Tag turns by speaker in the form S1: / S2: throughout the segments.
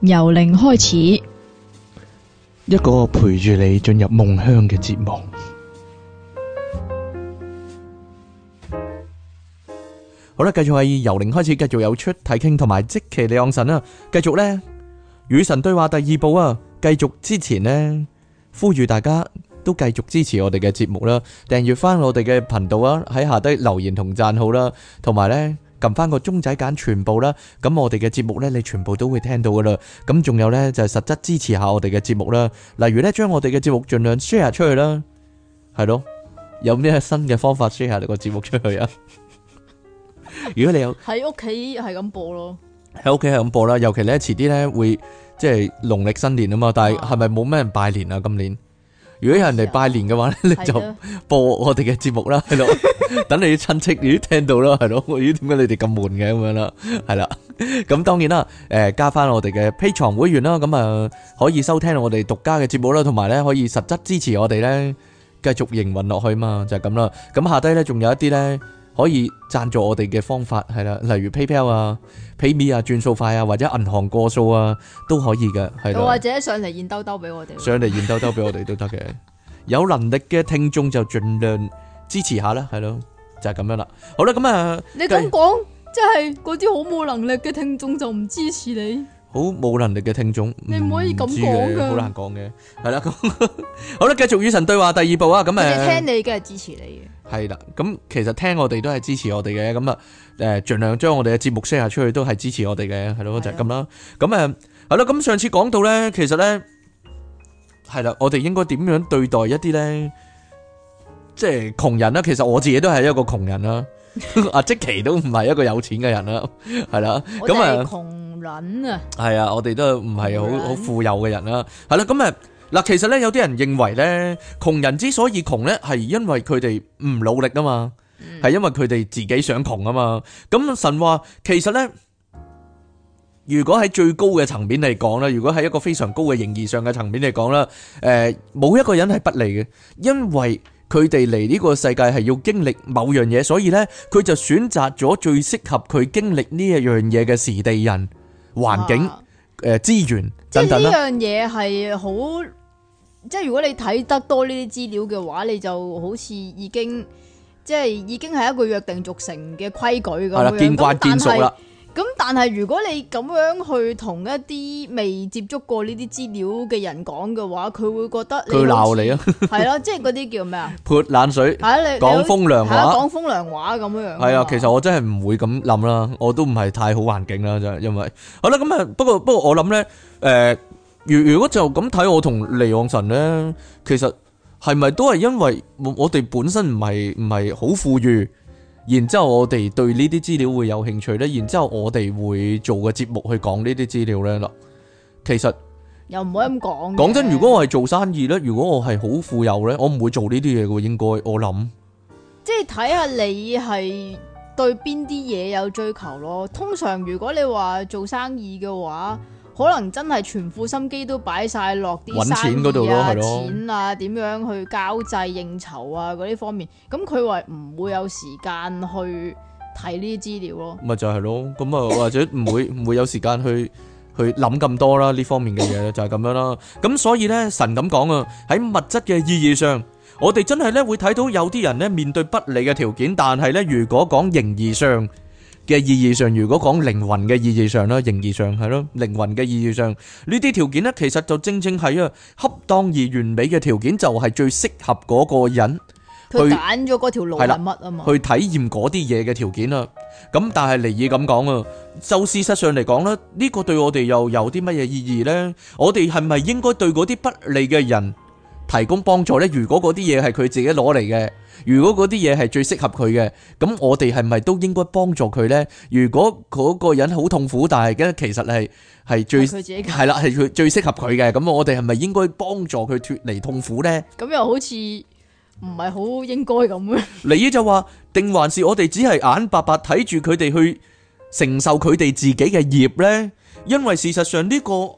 S1: 由零開始，
S2: 一個陪住你進入夢鄉嘅節目。好啦，繼續係由零開始，繼續有出睇傾同埋即期你望神啦。繼續呢，與神對話第二部啊！繼續之前呢，呼籲大家都繼續支持我哋嘅節目啦，訂閱翻我哋嘅頻道啊，喺下低留言同讚好啦，同埋呢。撳翻個鐘仔揀全部啦，咁我哋嘅節目呢，你全部都會聽到噶啦。咁仲有呢，就係實質支持下我哋嘅節目啦。例如呢，將我哋嘅節目盡量 share 出去啦，係咯。有咩新嘅方法 share 你個節目出去啊？ 如果你有
S1: 喺屋企係咁播咯，
S2: 喺屋企係咁播啦。尤其呢，遲啲呢，會即係農曆新年啊嘛。但係係咪冇咩人拜年啊？今年？如果有人嚟拜年嘅話咧，啊、 你就播我哋嘅節目啦，係咯？等 你親戚，你都聽到啦，係咯？我咦點解你哋咁悶嘅咁樣啦？係啦，咁當然啦，誒加翻我哋嘅 p a Patreon 會員啦，咁啊可以收聽我哋獨家嘅節目啦，同埋咧可以實質支持我哋咧繼續營運落去嘛，就係咁啦。咁下低咧仲有一啲咧。可以贊助我哋嘅方法係啦，例如 PayPal 啊、PayMe 啊、轉數快啊，或者銀行過數啊，都可以嘅。係，又或
S1: 者上嚟現兜兜俾我哋，上
S2: 嚟現兜兜俾我哋都得嘅。 有能力嘅聽眾就盡量支持下啦，係咯，就係、是、咁樣啦。好啦，咁、嗯、啊，你咁
S1: 講，即係嗰啲好冇能力嘅聽眾就唔支持你，
S2: 好冇能力嘅聽眾，你唔可以咁講噶，難嗯、 好難講嘅。係啦，好啦，繼續與神對話第二部啊，咁、嗯、啊，聽
S1: 你梗係支持你嘅。
S2: 係啦，咁其實聽我哋都係支持我哋嘅，咁啊，誒盡量將我哋嘅節目 share 出去都係支持我哋嘅，係咯就係咁啦。咁誒係咯，咁的上次講到咧，其實咧係啦，我哋應該點樣對待一啲咧，即係窮人咧。其實我自己都係一個窮人啦，阿 j i 都唔係一個有錢嘅人啦，係啦，咁啊，窮人啊，係啊，我哋都唔係好好富有嘅人啦，係啦，咁啊。 嗱，其實咧有啲人認為咧，窮人之所以窮咧，係因為佢哋唔努力啊嘛，係因為佢哋自己想窮啊嘛。咁神話其實咧，如果喺最高嘅層面嚟講啦，如果喺一個非常高嘅形而上嘅層面嚟講啦，誒，冇一個人係不利嘅，因為佢哋嚟呢個世界係要經歷某樣嘢，所以咧佢就選擇咗最適合佢經歷呢一樣嘢嘅時地人環境。誒，資、呃、源等等啦。即係呢
S1: 樣嘢係好，即係如果你睇得多呢啲資料嘅話，你就好似已經，即係已經係一個約定俗成嘅規矩咁樣。見慣見熟但係。咁但係如果你咁樣去同一啲未接觸過呢啲資料嘅人講嘅話，佢會覺得佢鬧你啊，係咯，即係嗰啲叫咩啊？
S2: 潑冷水，係啊，啊，講風涼話，係啊，講
S1: 風涼話咁樣樣。係啊，
S2: 其實我真係唔會咁諗啦，我都唔係太好環境啦，真係，因為好啦，咁啊，不過不過我諗咧，誒、呃，如如果就咁睇我同利旺臣咧，其實係咪都係因為我哋本身唔係唔係好富裕？然之後我哋對呢啲資料會有興趣呢，然之後我哋會做個節目去講呢啲資料呢啦。其實
S1: 又唔可以咁講。講真，如果我係
S2: 做生意呢，如果我係好富有呢，我唔會做呢啲嘢嘅，應該我諗。
S1: 即係睇下你係對邊啲嘢有追求咯。通常如果你話做生意嘅話，可能真係全副心機都擺晒落啲度生意啊、錢嗰度咯，係咯，錢啊，點樣去交際應酬啊嗰啲方面，咁佢話唔會有時間去睇呢啲資料咯。
S2: 咪就係咯，咁啊或者唔會唔 會有時間去去諗咁多啦呢方面嘅嘢就係咁樣啦。咁所以呢，神咁講啊，喺物質嘅意義上，我哋真係呢會睇到有啲人呢面對不利嘅條件，但係呢，如果講形義上，嘅意義上，如果講靈魂嘅意義上啦，形而上係咯，靈魂嘅意義上呢啲條件咧，其實就正正係啊恰當而完美嘅條件，就係最適合嗰個人去揀
S1: 咗嗰條路係啦，乜啊嘛，去體
S2: 驗嗰啲嘢嘅條件啊。咁但係尼爾咁講啊，就事實上嚟講咧，呢個對我哋又有啲乜嘢意義咧？我哋係咪應該對嗰啲不利嘅人提供幫助呢？如果嗰啲嘢係佢自己攞嚟嘅，如果嗰啲嘢係最適合佢嘅，咁我哋係咪都應該幫助佢呢？如果嗰個人好痛苦，但係其實係係最係啦，係最適合佢嘅，咁我哋係咪應該幫助佢脫離痛苦呢？
S1: 咁又好似唔係好應該咁呢
S2: 嚟依就話：定還是我哋只係眼白白睇住佢哋去承受佢哋自己嘅業呢？因為事實上呢、呢個。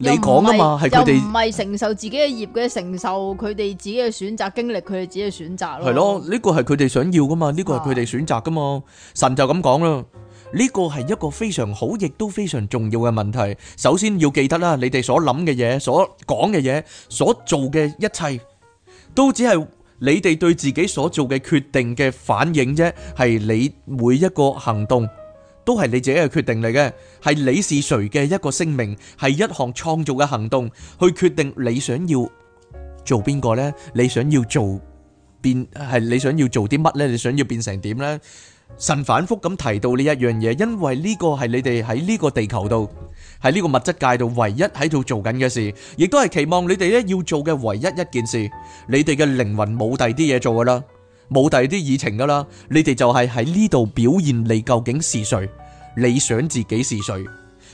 S2: 你講啊嘛，係佢哋唔係
S1: 承受自己嘅業嘅，承受佢哋自己嘅選擇經歷，佢哋自己嘅選擇咯。係咯，
S2: 呢個係佢哋想要噶嘛，呢個係佢哋選擇噶嘛。神就咁講啦，呢個係一個非常好，亦都非常重要嘅問題。首先要記得啦，你哋所諗嘅嘢，所講嘅嘢，所做嘅一切，都只係你哋對自己所做嘅決定嘅反應啫，係你每一個行動，都係你自己嘅決定嚟嘅，係你是誰嘅一個聲明，係一項創造嘅行動，去決定你想要做邊個呢？你想要做變係你想要做啲乜呢？你想要變成點呢？神反覆咁提到呢一樣嘢，因為呢個係你哋喺呢個地球度，喺呢個物質界度唯一喺度做緊嘅事，亦都係期望你哋咧要做嘅唯一一件事，你哋嘅靈魂冇第啲嘢做噶啦。冇第二啲議程噶啦，你哋就係喺呢度表現你究竟是誰，你想自己是誰？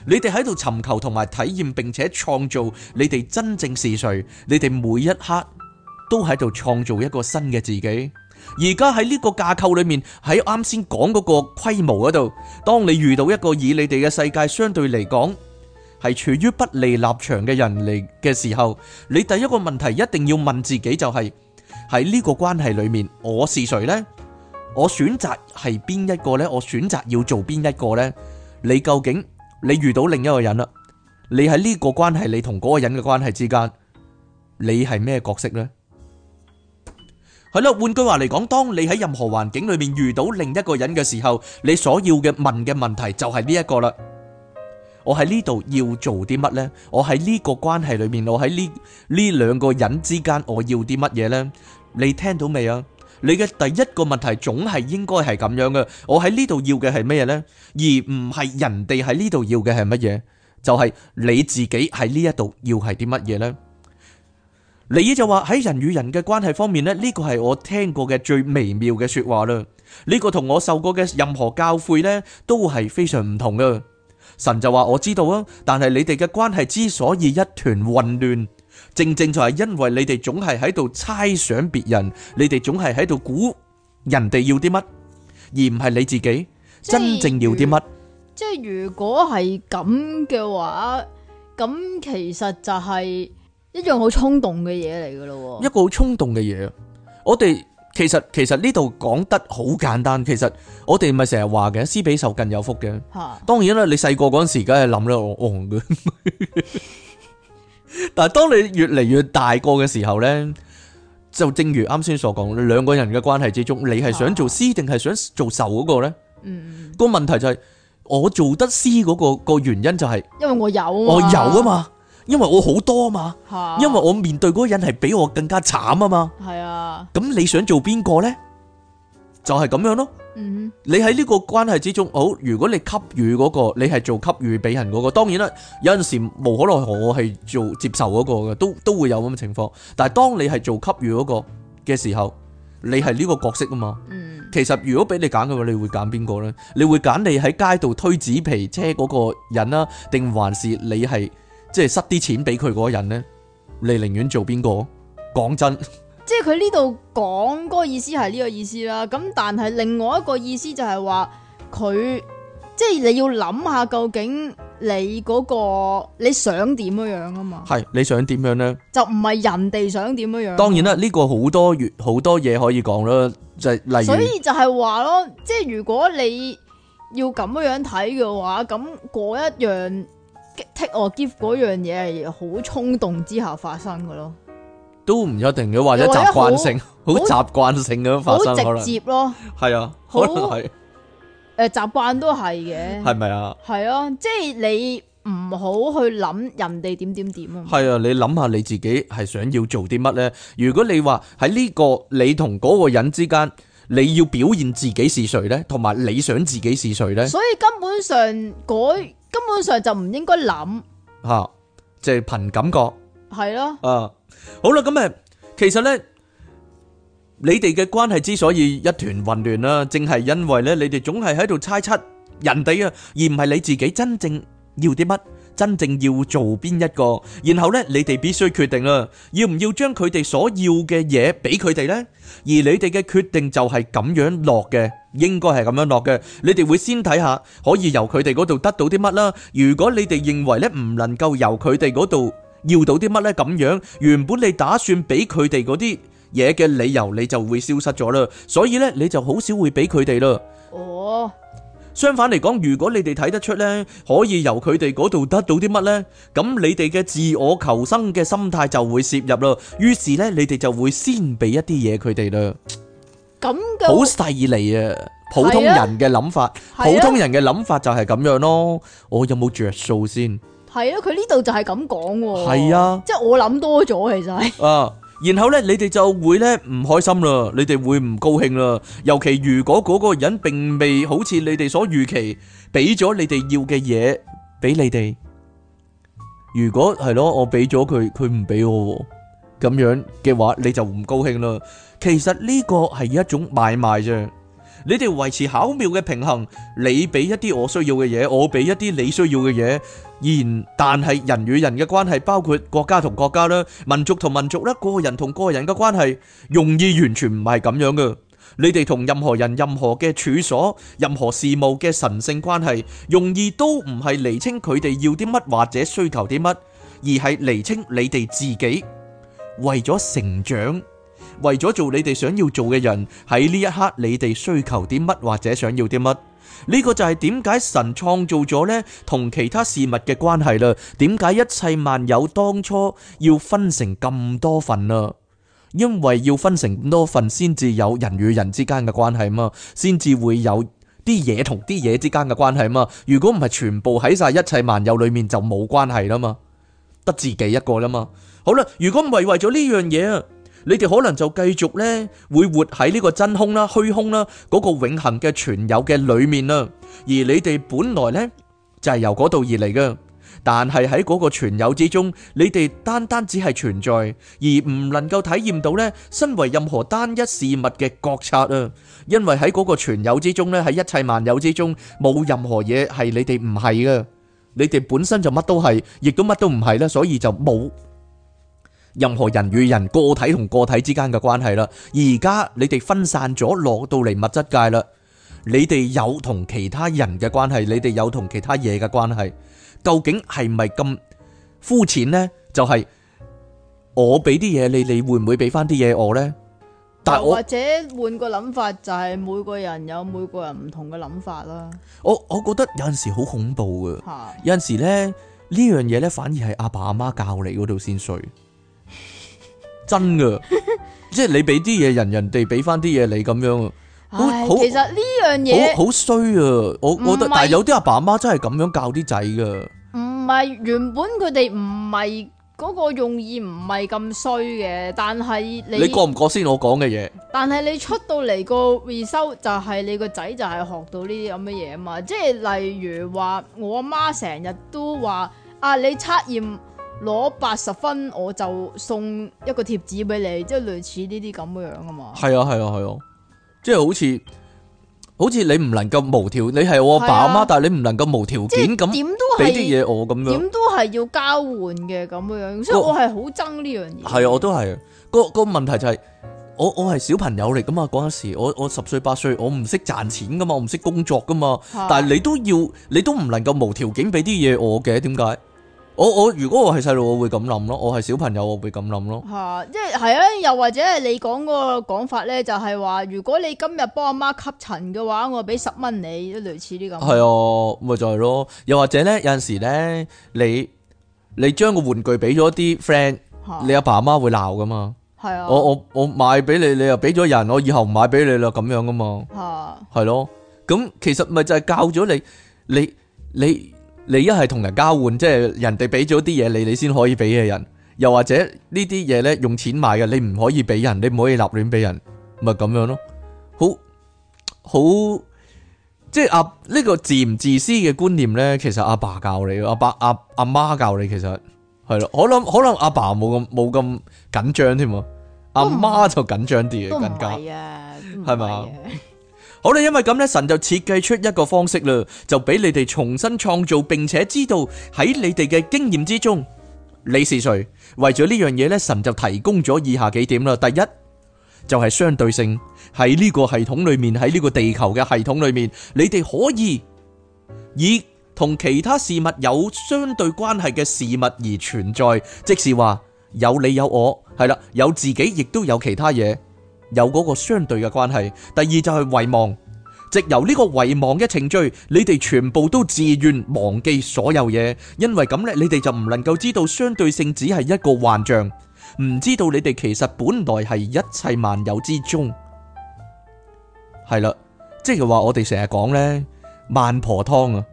S2: 你哋喺度尋求同埋體驗，並且創造你哋真正是誰？你哋每一刻都喺度創造一個新嘅自己。而家喺呢個架構裏面，喺啱先講嗰個規模嗰度，當你遇到一個以你哋嘅世界相對嚟講係處於不利立場嘅人嚟嘅時候，你第一個問題一定要問自己就係、是。喺呢個關係裏面，我是誰呢？我選擇係邊一個呢？我選擇要做邊一個呢？你究竟你遇到另一個人啦？你喺呢個關係，你同嗰個人嘅關係之間，你係咩角色呢？係啦，換句話嚟講，當你喺任何環境裏面遇到另一個人嘅時候，你所要嘅問嘅問題就係呢一個啦。我喺呢度要做啲乜呢？我喺呢個關係裏面，我喺呢呢兩個人之間，我要啲乜嘢呢？你聽到未啊？你嘅第一個問題總係應該係咁樣嘅。我喺呢度要嘅係咩嘢呢？而唔係人哋喺呢度要嘅係乜嘢？就係、是、你自己喺呢一度要係啲乜嘢呢？你就話喺人與人嘅關係方面呢，呢、這個係我聽過嘅最微妙嘅說話啦。呢、這個同我受過嘅任何教誨呢，都係非常唔同噶。神就話我知道啊，但係你哋嘅關係之所以一團混亂。正正就係因為你哋總係喺度猜想別人，你哋總係喺度估人哋要啲乜，而唔係你自己真正要啲乜。
S1: 即係如果係咁嘅話，咁其實就係一樣好衝動嘅嘢嚟噶咯。
S2: 一個好衝動嘅嘢，我哋其實其實呢度講得好簡單。其實我哋咪成日話嘅，施比受更有福嘅。吓，當然啦，你細個嗰陣時梗係諗啦，戇戇嘅。但係當你越嚟越大個嘅時候呢，就正如啱先所講，兩個人嘅關係之中，你係想做施定係想做受嗰個呢？嗯嗯。個問題就係、是、我做得施嗰、那個個原因就係、是、
S1: 因為我有、啊，我有啊嘛，
S2: 因為我好多啊嘛，啊因為我面對嗰個人係比我更加慘啊嘛。係啊。咁你想做邊個呢？就係咁樣咯，嗯、你喺呢個關係之中，好，如果你給予嗰個，你係做給予俾人嗰個，當然啦，有陣時無可奈何，我係做接受嗰個嘅，都都會有咁嘅情況。但係當你係做給予嗰個嘅時候，你係呢個角色啊嘛。嗯、其實如果俾你揀嘅話，你會揀邊個呢？你會揀你喺街度推紙皮車嗰個人啊，定還是你係即係塞啲錢俾佢嗰個人呢？你寧願做邊個？講真。
S1: 即係佢呢度講嗰個意思係呢個意思啦，咁但係另外一個意思就係話佢，即係你要諗下究竟你嗰個你想點樣樣啊嘛？
S2: 係你想點樣咧？
S1: 就唔係人哋想點樣樣？當然
S2: 啦，呢個好多月好多嘢可以講咯，即係例如。所以
S1: 就係話咯，即係如果你要咁樣樣睇嘅話，咁嗰一樣 take or give 嗰樣嘢係好衝動之下發生噶咯。
S2: 都唔一定嘅，或者習慣性，好習慣性咁發生，好直接咯。係啊，好係很。
S1: 誒、 呃，習慣都係嘅。係咪啊？係啊，即、就、係、是、你唔好去諗人哋點點點啊。
S2: 係啊，你諗下你自己係想要做啲乜咧？如果你話喺呢個你同嗰個人之間，你要表現自己是誰咧，同埋你想自己是誰咧？所
S1: 以根本上，嗰根本上就唔應該諗。
S2: 吓、啊，即係憑感覺。係咯。啊。啊。好啦，咁誒，其實咧，你哋嘅關係之所以一團混亂啦，正係因為咧，你哋總係喺度猜測人哋啊，而唔係你自己真正要啲乜，真正要做邊一個。然後咧，你哋必須決定啊，要唔要將佢哋所要嘅嘢俾佢哋咧？而你哋嘅決定就係咁樣落嘅，應該係咁樣落嘅。你哋會先睇下，可以由佢哋嗰度得到啲乜啦。如果你哋認為咧唔能夠由佢哋嗰度。要到啲乜呢？咁樣原本你打算俾佢哋嗰啲嘢嘅理由，你就會消失咗啦。所以呢，你就好少會俾佢哋啦。哦，相反嚟講，如果你哋睇得出呢，可以由佢哋嗰度得到啲乜呢？咁你哋嘅自我求生嘅心態就會涉入啦。於是呢，你哋就會先俾一啲嘢佢哋啦。
S1: 咁好犀
S2: 利啊！普通人嘅諗法，啊、普通人嘅諗法就係咁樣咯。啊、我有冇着數先？
S1: 係啊，佢呢度就係咁講喎，係啊，即係我諗多咗其實。
S2: 啊，然後呢，你哋就會呢唔開心啦，你哋會唔高興啦。尤其如果嗰個人並未好似你哋所預期，俾咗你哋要嘅嘢，俾你哋。如果係咯，我俾咗佢，佢唔俾我，咁樣嘅話，你就唔高興啦。其實呢個係一種買賣啫。你哋維持巧妙嘅平衡，你俾一啲我需要嘅嘢，我俾一啲你需要嘅嘢。然，但係人與人嘅關係，包括國家同國家啦，民族同民族啦，個人同個人嘅關係，容易完全唔係咁樣嘅。你哋同任何人、任何嘅處所、任何事務嘅神聖關係，容易都唔係釐清佢哋要啲乜或者需求啲乜，而係釐清你哋自己為咗成長，為咗做你哋想要做嘅人，喺呢一刻你哋需求啲乜或者想要啲乜。呢個就係點解神創造咗呢同其他事物嘅關係啦。點解一切萬有當初要分成咁多份啊？因為要分成咁多份，先至有人與人之間嘅關係嘛，先至會有啲嘢同啲嘢之間嘅關係嘛。如果唔係，全部喺晒一切萬有裏面就冇關係啦嘛，得自己一個啦嘛。好啦，如果唔係為咗呢樣嘢啊。你哋可能就繼續咧，會活喺呢個真空啦、虛空啦嗰個永恆嘅存有嘅裏面啦。而你哋本來呢，就係由嗰度而嚟噶，但係喺嗰個存有之中，你哋單單只係存在，而唔能夠體驗到呢身為任何單一事物嘅覺察啊。因為喺嗰個存有之中呢，喺一切萬有之中，冇任何嘢係你哋唔係噶。你哋本身就乜都係，亦都乜都唔係啦，所以就冇。任何人與人個體同個體之間嘅關係啦，而家你哋分散咗，落到嚟物質界啦，你哋有同其他人嘅關係，你哋有同其他嘢嘅關係，究竟係唔係咁膚淺呢？就係我俾啲嘢你，你會唔會俾翻啲嘢我呢？但係我或
S1: 者換個諗法，就係每個人有每個人唔同嘅諗法啦。
S2: 我我覺得有陣時好恐怖㗎，有陣時呢呢樣嘢呢反而係阿爸阿媽教你嗰度先衰。真嘅， 即係你俾啲嘢人，人哋俾翻啲嘢你咁樣，
S1: 好其實呢樣嘢好
S2: 衰啊！我是我覺得，但係有啲阿爸阿媽真係咁樣教啲仔噶。
S1: 唔係，原本佢哋唔係嗰個用意唔係咁衰嘅，但係你你過唔過
S2: 先我？我講嘅嘢。
S1: 但係你出到嚟個 result 就係你個仔就係學到呢啲咁嘅嘢啊嘛！即係例如話，我阿媽成日都話啊，你測驗攞八十分我就送一個貼紙俾你，即係類似呢啲咁嘅樣噶嘛。
S2: 係啊，係啊，係啊，即係好似好似你唔能夠無條，啊、你係我阿爸阿媽，但係你唔能夠無條件咁俾啲嘢我咁樣，點
S1: 都係要交換嘅咁嘅樣，我所以我係好憎呢樣嘢。係
S2: 啊，我都係。個、嗰個問題就係、是、我我係小朋友嚟噶嘛，嗰陣時我我十歲八歲，我唔識賺錢噶嘛，我唔識工作噶嘛，的但係你都要你都唔能夠無條件俾啲嘢我嘅，點解？我我如果我係細路我會咁諗咯，我係小朋友我會咁諗咯。吓，
S1: 即係係啊，又或者係你講個講法咧，就係話如果你今日幫阿媽吸塵嘅話，我俾十蚊你，都類似啲咁。係啊，
S2: 咪就係咯，又或者咧有陣時咧，你你將個玩具俾咗啲 friend，你阿爸阿媽會鬧噶嘛？係啊。我我我買俾你，你又俾咗人，我以後唔買俾你啦，咁樣噶嘛。吓。係咯，咁其實咪就係教咗你，你你。你一係同人交換，即係人哋俾咗啲嘢你，你先可以俾嘅人；又或者呢啲嘢咧用錢買嘅，你唔可以俾人，你唔可以立亂俾人，咪咁樣咯。好好，即係阿呢個自唔自私嘅觀念咧，其實阿爸教你，阿爸阿阿媽教你，其實係咯。可能可能阿爸冇咁冇咁緊張添，阿媽就緊張啲嘅，啊、更加係咪？好啦，因為咁呢，神就設計出一個方式啦，就俾你哋重新創造，並且知道喺你哋嘅經驗之中，你是誰。為咗呢樣嘢呢，神就提供咗以下幾點啦。第一就係相對性，喺呢個系統裏面，喺呢個地球嘅系統裏面，你哋可以以同其他事物有相對關係嘅事物而存在，即是話有你有我，係啦，有自己，亦都有其他嘢。有嗰個相對嘅關係，第二就係遺忘，藉由呢個遺忘嘅程序，你哋全部都自願忘記所有嘢，因為咁咧，你哋就唔能夠知道相對性只係一個幻象，唔知道你哋其實本來係一切萬有之中，係啦，即係話我哋成日講咧，孟婆湯啊，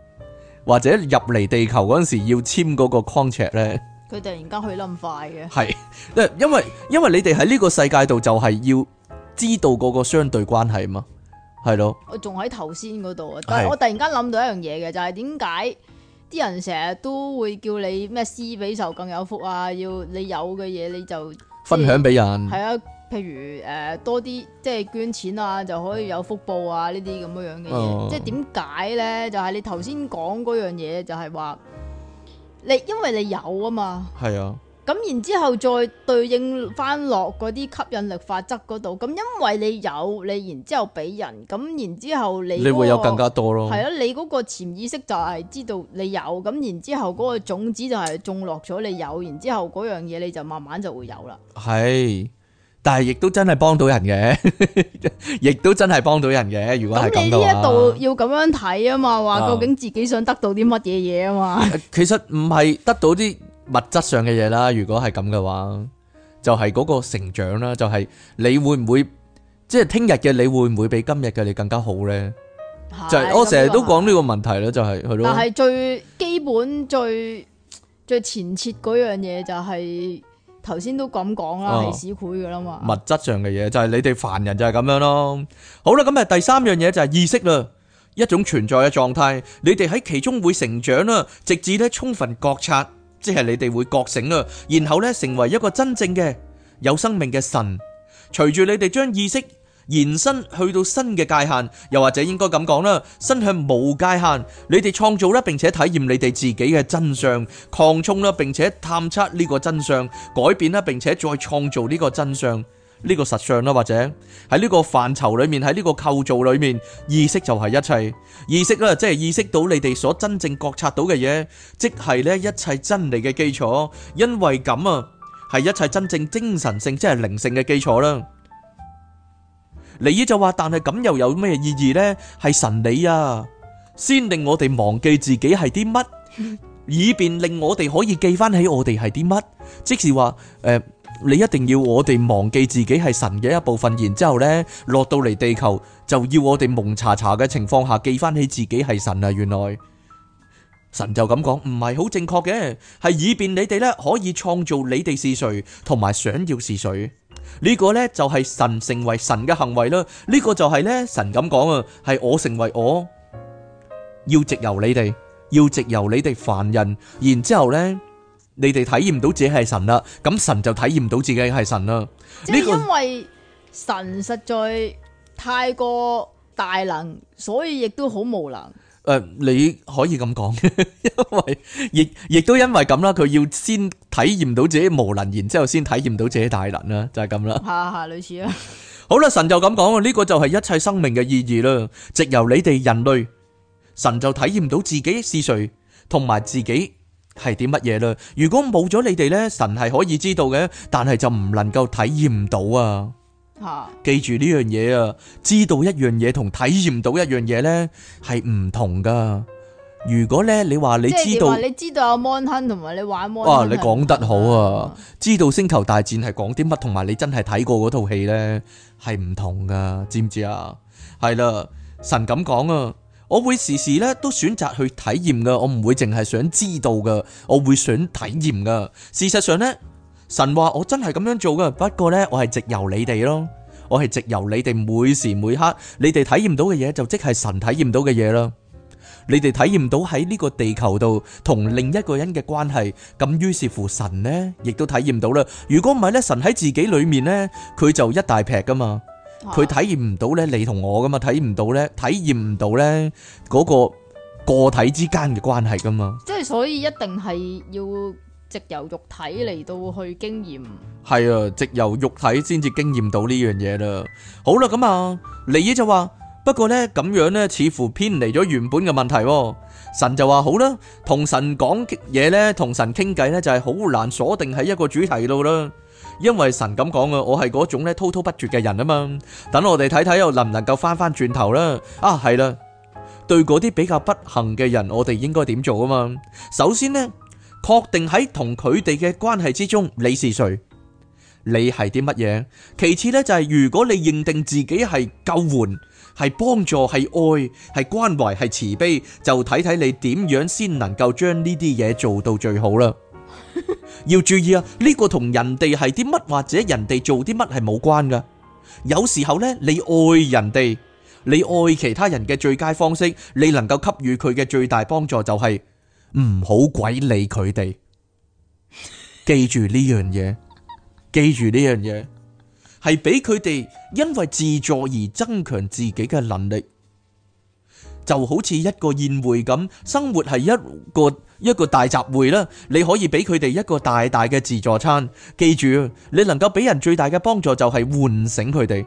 S2: 或者入嚟地球嗰陣時要簽嗰個 contract 咧，
S1: 佢突然間去得咁快嘅，係，
S2: 因為因為因為你哋喺呢個世界度就係要。知道嗰個相對關係嘛？係咯，
S1: 我仲喺頭先嗰度啊，但係我突然間諗到一樣嘢嘅，就係點解啲人成日都會叫你咩施比受更有福啊？要你有嘅嘢你就
S2: 分享俾人，係
S1: 啊，譬如誒、呃、多啲即係捐錢啊，就可以有福報啊，這這哦、呢啲咁樣樣嘅嘢。即係點解咧？就係、是、你頭先講嗰樣嘢，就係話你因為你有啊嘛，係啊。咁然之後再對應翻落嗰啲吸引力法則嗰度，咁因為你有，你然之後俾人，咁然之後你你會有更加多咯。係啊，你嗰個潛意識就係知道你有，咁然之後嗰個種子就係種落咗你有，然之後嗰樣嘢你就慢慢就會有啦。
S2: 係，但係亦都真係幫到人嘅，亦都真係幫到人嘅。如果係咁，呢一度
S1: 要咁樣睇啊嘛，話究竟自己想得到啲乜嘢嘢啊嘛。
S2: 其實唔係得到啲。物質上嘅嘢啦，如果係咁嘅話，就係嗰個成長啦，就係你會唔會即係聽日嘅你會唔會比今日嘅你更加好咧？就係我成日都講呢個問題啦，就係佢都但係
S1: 最基本最最前設，嗰樣嘢就係頭先都咁講啦，係市儈噶啦嘛。物
S2: 質上嘅嘢就係你哋凡人就係咁樣咯。好啦，咁啊第三樣嘢就係意識啦，一種存在嘅狀態，你哋喺其中會成長啦，直至咧充分覺察。即係你哋會覺醒啦，然後咧成為一個真正嘅有生命嘅神。隨住你哋將意識延伸去到新嘅界限，又或者應該咁講啦，伸向無界限。你哋創造啦，並且體驗你哋自己嘅真相，擴充啦，並且探測呢個真相，改變啦，並且再創造呢個真相。呢個實相啦，或者喺呢個範疇裏面，喺呢個構造裏面，意識就係一切意識啦，即係意識到你哋所真正覺察到嘅嘢，即係呢一切真理嘅基礎，因為咁啊，係一切真正精神性，即係靈性嘅基礎啦。尼爾就話，但係咁又有咩意義呢？係神理啊，先令我哋忘記自己係啲乜，以便令我哋可以記翻起我哋係啲乜，即是話誒。呃你一定要我哋忘記自己係神嘅一部分，然之後咧落到嚟地球就要我哋蒙查查嘅情況下記翻起自己係神啊！原來神就咁講唔係好正確嘅，係以便你哋呢可以創造你哋是誰同埋想要是誰呢、這個呢，就係、是、神成為神嘅行為啦。呢、這個就係呢，神咁講啊，係我成為我要藉由你哋，要藉由你哋凡人，然之後咧。你哋體驗到自己係神啦，咁神就體驗到自己係神啦。
S1: 即係因為神實在太過大能，所以亦都好無能。
S2: 誒，你可以咁講，因為亦亦都因為咁啦，佢要先體驗到自己無能，然之後先體驗到自己大能啦，就係咁啦。
S1: 吓吓類似啦。
S2: 好啦，神就咁講啦，呢個就係一切生命嘅意義啦。藉由你哋人類，神就體驗到自己是誰，同埋自己。係啲乜嘢咧？如果冇咗你哋咧，神係可以知道嘅，但係就唔能夠體驗到啊！啊記住呢樣嘢啊！知道一樣嘢同體驗到一樣嘢咧係唔同噶。如果咧你話你知道，你
S1: 知道阿摩登同埋你玩摩登，你講
S2: 得好啊！嗯、啊知道星球大戰係講啲乜，同埋你真係睇過嗰套戲咧係唔同噶，知唔知啊？係啦，神咁講啊！我會時時咧都選擇去體驗噶，我唔會淨係想知道噶，我會想體驗噶。事實上咧，神話我真係咁樣做噶，不過咧我係藉由你哋咯，我係藉由你哋每時每刻，你哋體驗到嘅嘢就即係神體驗到嘅嘢啦。你哋體驗到喺呢個地球度同另一個人嘅關係，咁於是乎神呢亦都體驗到啦。如果唔係咧，神喺自己裏面咧，佢就一大劈噶嘛。佢體驗唔到咧，你同我噶嘛，體驗唔到咧，體驗唔到咧嗰個個體之間嘅關係噶嘛，
S1: 即係所以一定係要藉由肉體嚟到去經驗。
S2: 係啊，藉由肉體先至經驗到呢樣嘢啦。好啦，咁啊，尼爾、啊、就話：不過咧，咁樣咧，似乎偏離咗原本嘅問題喎、啊。神就話好啦，同神講嘢呢，同神傾偈呢，就係好難鎖定喺一個主題度啦。因為神咁講啊，我係嗰種咧滔滔不絕嘅人啊嘛。等我哋睇睇又能唔能夠翻翻轉頭啦。啊，係啦，對嗰啲比較不幸嘅人，我哋應該點做啊嘛？首先呢，確定喺同佢哋嘅關係之中，你是誰，你係啲乜嘢？其次呢，就係如果你認定自己係救援。係幫助，係愛，係關懷，係慈悲，就睇睇你點樣先能夠將呢啲嘢做到最好啦。要注意啊，呢個同人哋係啲乜或者人哋做啲乜係冇關噶。有時候呢，你愛人哋，你愛其他人嘅最佳方式，你能夠給予佢嘅最大幫助就係唔好鬼理佢哋。記住呢樣嘢，記住呢樣嘢。係俾佢哋因為自助而增強自己嘅能力，就好似一個宴會咁，生活係一個一個大集會啦。你可以俾佢哋一個大大嘅自助餐。記住，你能夠俾人最大嘅幫助就係喚醒佢哋，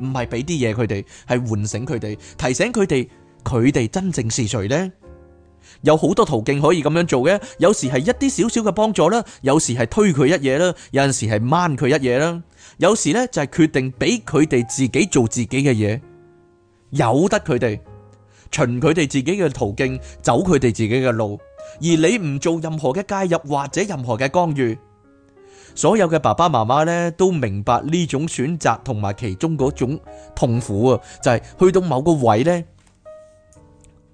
S2: 唔係俾啲嘢佢哋，係喚醒佢哋，提醒佢哋，佢哋真正是誰呢？有好多途徑可以咁樣做嘅，有時係一啲少少嘅幫助啦，有時係推佢一嘢啦，有陣時係掹佢一嘢啦。有時咧就係決定俾佢哋自己做自己嘅嘢，由得佢哋循佢哋自己嘅途徑走佢哋自己嘅路，而你唔做任何嘅介入或者任何嘅干預。所有嘅爸爸媽媽咧都明白呢種選擇同埋其中嗰種痛苦啊，就係去到某個位咧，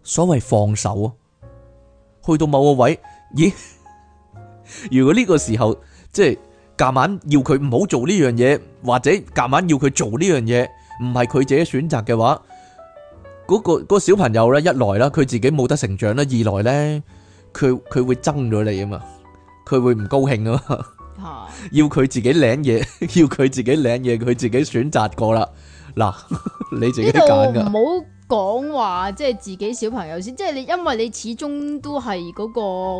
S2: 所謂放手啊，去到某個位，咦？如果呢個時候即係。夾硬要佢唔好做呢樣嘢，或者夾硬要佢做呢樣嘢，唔係佢自己選擇嘅話，嗰個嗰個小朋友咧，一來啦，佢自己冇得成長啦；二來咧，佢佢會憎咗你啊嘛，佢會唔高興啊嘛。要佢自己領嘢，要佢自己領嘢，佢自己選擇過啦。嗱，你自己揀噶。
S1: 講話即係自己小朋友先，即係你，因為你始終都係嗰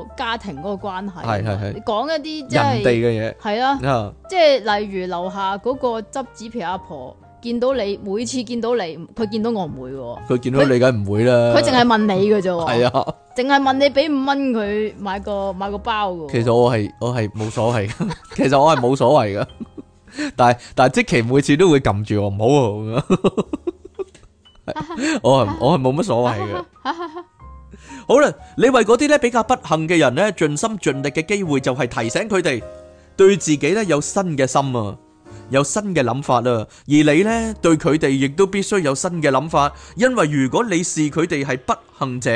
S1: 個家庭嗰個關係。係係係，你講一啲即係人哋嘅嘢。
S2: 係啊，
S1: 即係例如樓下嗰個執紙皮阿婆，見到你每次見到你，佢見到我唔會嘅。
S2: 佢見到你梗係唔會啦。佢淨係問你嘅啫。係啊，
S1: 淨係問你俾五蚊佢買個買個包嘅。其
S2: 實我係我係冇所謂，其實我係冇所謂嘅。但係但係，即期每次都會撳住我唔好。我係我係冇乜所謂嘅。好啦，你為嗰啲咧比較不幸嘅人咧盡心盡力嘅機會，就係提醒佢哋對自己咧有新嘅心啊，有新嘅諗法啊。而你咧對佢哋亦都必須有新嘅諗法，因為如果你視佢哋係不幸者，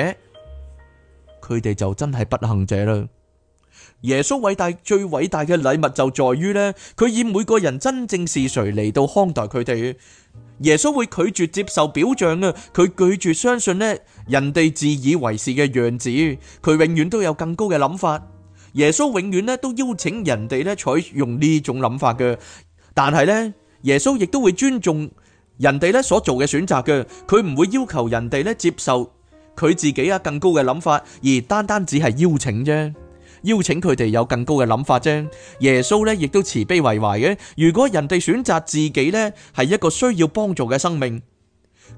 S2: 佢哋就真係不幸者啦。耶穌偉大，最偉大嘅禮物就在於咧，佢以每個人真正是誰嚟到看待佢哋。耶穌會拒絕接受表象啊！佢拒絕相信咧人哋自以為是嘅樣子，佢永遠都有更高嘅諗法。耶穌永遠咧都邀請人哋咧採用呢種諗法嘅，但係咧耶穌亦都會尊重人哋咧所做嘅選擇嘅，佢唔會要求人哋咧接受佢自己啊更高嘅諗法，而單單只係邀請啫。邀請佢哋有更高嘅諗法啫。耶穌咧亦都慈悲為懷嘅。如果人哋選擇自己咧係一個需要幫助嘅生命，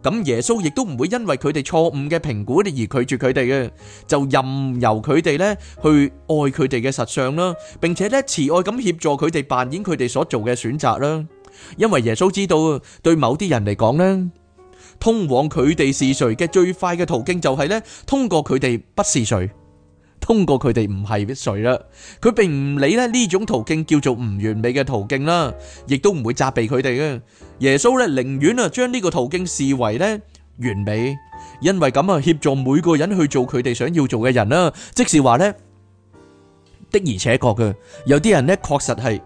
S2: 咁耶穌亦都唔會因為佢哋錯誤嘅評估而拒絕佢哋嘅，就任由佢哋咧去愛佢哋嘅實相啦，並且咧慈愛咁協助佢哋扮演佢哋所做嘅選擇啦。因為耶穌知道對某啲人嚟講咧，通往佢哋是誰嘅最快嘅途徑就係咧通過佢哋不是誰。通過佢哋唔係誰啦，佢並唔理咧呢種途徑叫做唔完美嘅途徑啦，亦都唔會責備佢哋嘅。耶穌咧寧願啊將呢個途徑視為咧完美，因為咁啊協助每個人去做佢哋想要做嘅人啦。即是話呢的而且確嘅，有啲人呢確實係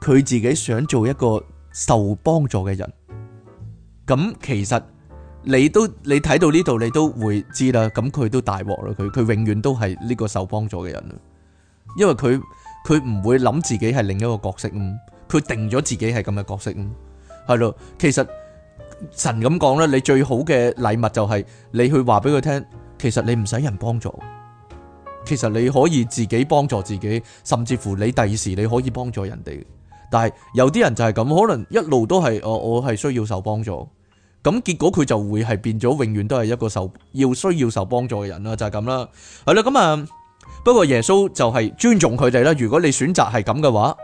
S2: 佢自己想做一個受幫助嘅人，咁其實。你都你睇到呢度，你都會知啦。咁佢都大鑊啦，佢佢永遠都係呢個受幫助嘅人。因為佢佢唔會諗自己係另一個角色啊。佢定咗自己係咁嘅角色啊。係咯，其實神咁講咧，你最好嘅禮物就係、是、你去話俾佢聽，其實你唔使人幫助。其實你可以自己幫助自己，甚至乎你第二時你可以幫助人哋。但係有啲人就係咁，可能一路都係、哦、我我係需要受幫助。咁結果佢就會係變咗，永遠都係一個受要需要受幫助嘅人啦，就係咁啦，係啦。咁啊，不過耶穌就係尊重佢哋啦。如果你選擇係咁嘅話，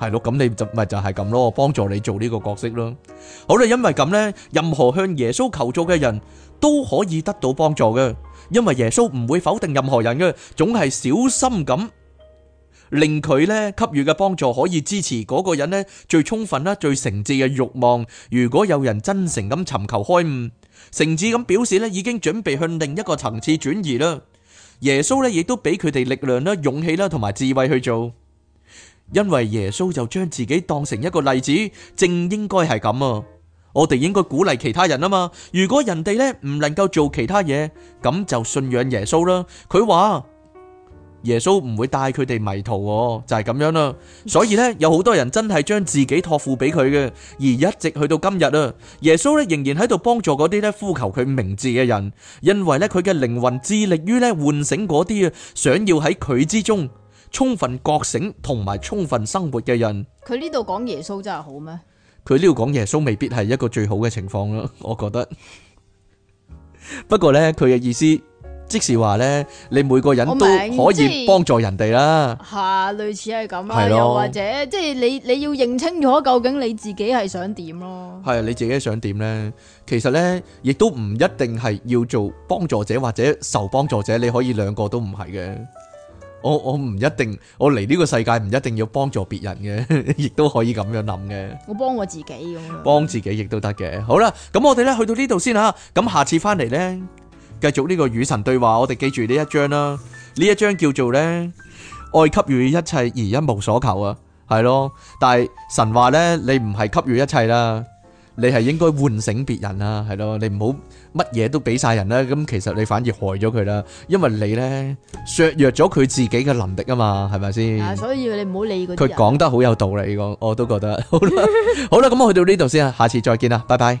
S2: 係咯，咁你就咪就係咁咯，幫助你做呢個角色咯。好啦，因為咁呢，任何向耶穌求助嘅人都可以得到幫助嘅，因為耶穌唔會否定任何人嘅。總係小心咁，令佢咧給予嘅幫助可以支持嗰個人咧最充分啦、最誠摯嘅欲望。如果有人真誠咁尋求開悟，誠摯咁表示咧已經準備向另一個層次轉移啦。耶穌咧亦都俾佢哋力量啦、勇氣啦同埋智慧去做，因為耶穌就將自己當成一個例子，正應該係咁啊！我哋應該鼓勵其他人啊嘛。如果人哋咧唔能夠做其他嘢，咁就信仰耶穌啦。佢話。耶穌唔會帶佢哋迷途哦，就係咁樣啦。所以咧，有好多人真係將自己託付俾佢嘅，而一直去到今日啊。耶穌咧仍然喺度幫助嗰啲咧呼求佢名字嘅人，因為咧佢嘅靈魂致力於咧喚醒嗰啲啊，想要喺佢之中充分覺醒同埋充分生活嘅人。
S1: 佢呢度講耶穌真係好咩？
S2: 佢呢度講耶穌未必係一個最好嘅情況囉，我覺得。不過咧，佢嘅意思。即是話呢，你每個人都可以幫助人哋啦。
S1: 係、啊、類似係咁，的又或者即係你你要認清楚究竟你自己係想點咯。
S2: 係你自己想點呢？其實呢，亦都唔一定係要做幫助者或者受幫助者，你可以兩個都唔係嘅。我我唔一定，我嚟呢個世界唔一定要幫助別人嘅， 亦都可以咁樣諗嘅。
S1: 我幫我自己咁
S2: 樣，我幫自己亦都得嘅。好啦，咁我哋呢去到呢度先吓，咁下次翻嚟呢。繼續呢個與神對話，我哋記住呢一章啦。呢一章叫做呢：「愛給予一切而一無所求」啊，係咯。但係神話呢，你唔係給予一切啦，你係應該喚醒別人啦，係咯。你唔好乜嘢都俾晒人啦，咁其實你反而害咗佢啦，因為你呢，削弱咗佢自己嘅能力啊嘛，係咪先？所以你唔好理嗰
S1: 啲。佢講
S2: 得好有道理，我我都覺得好啦。好啦，咁 我去到呢度先啊，下次再見啦，拜拜。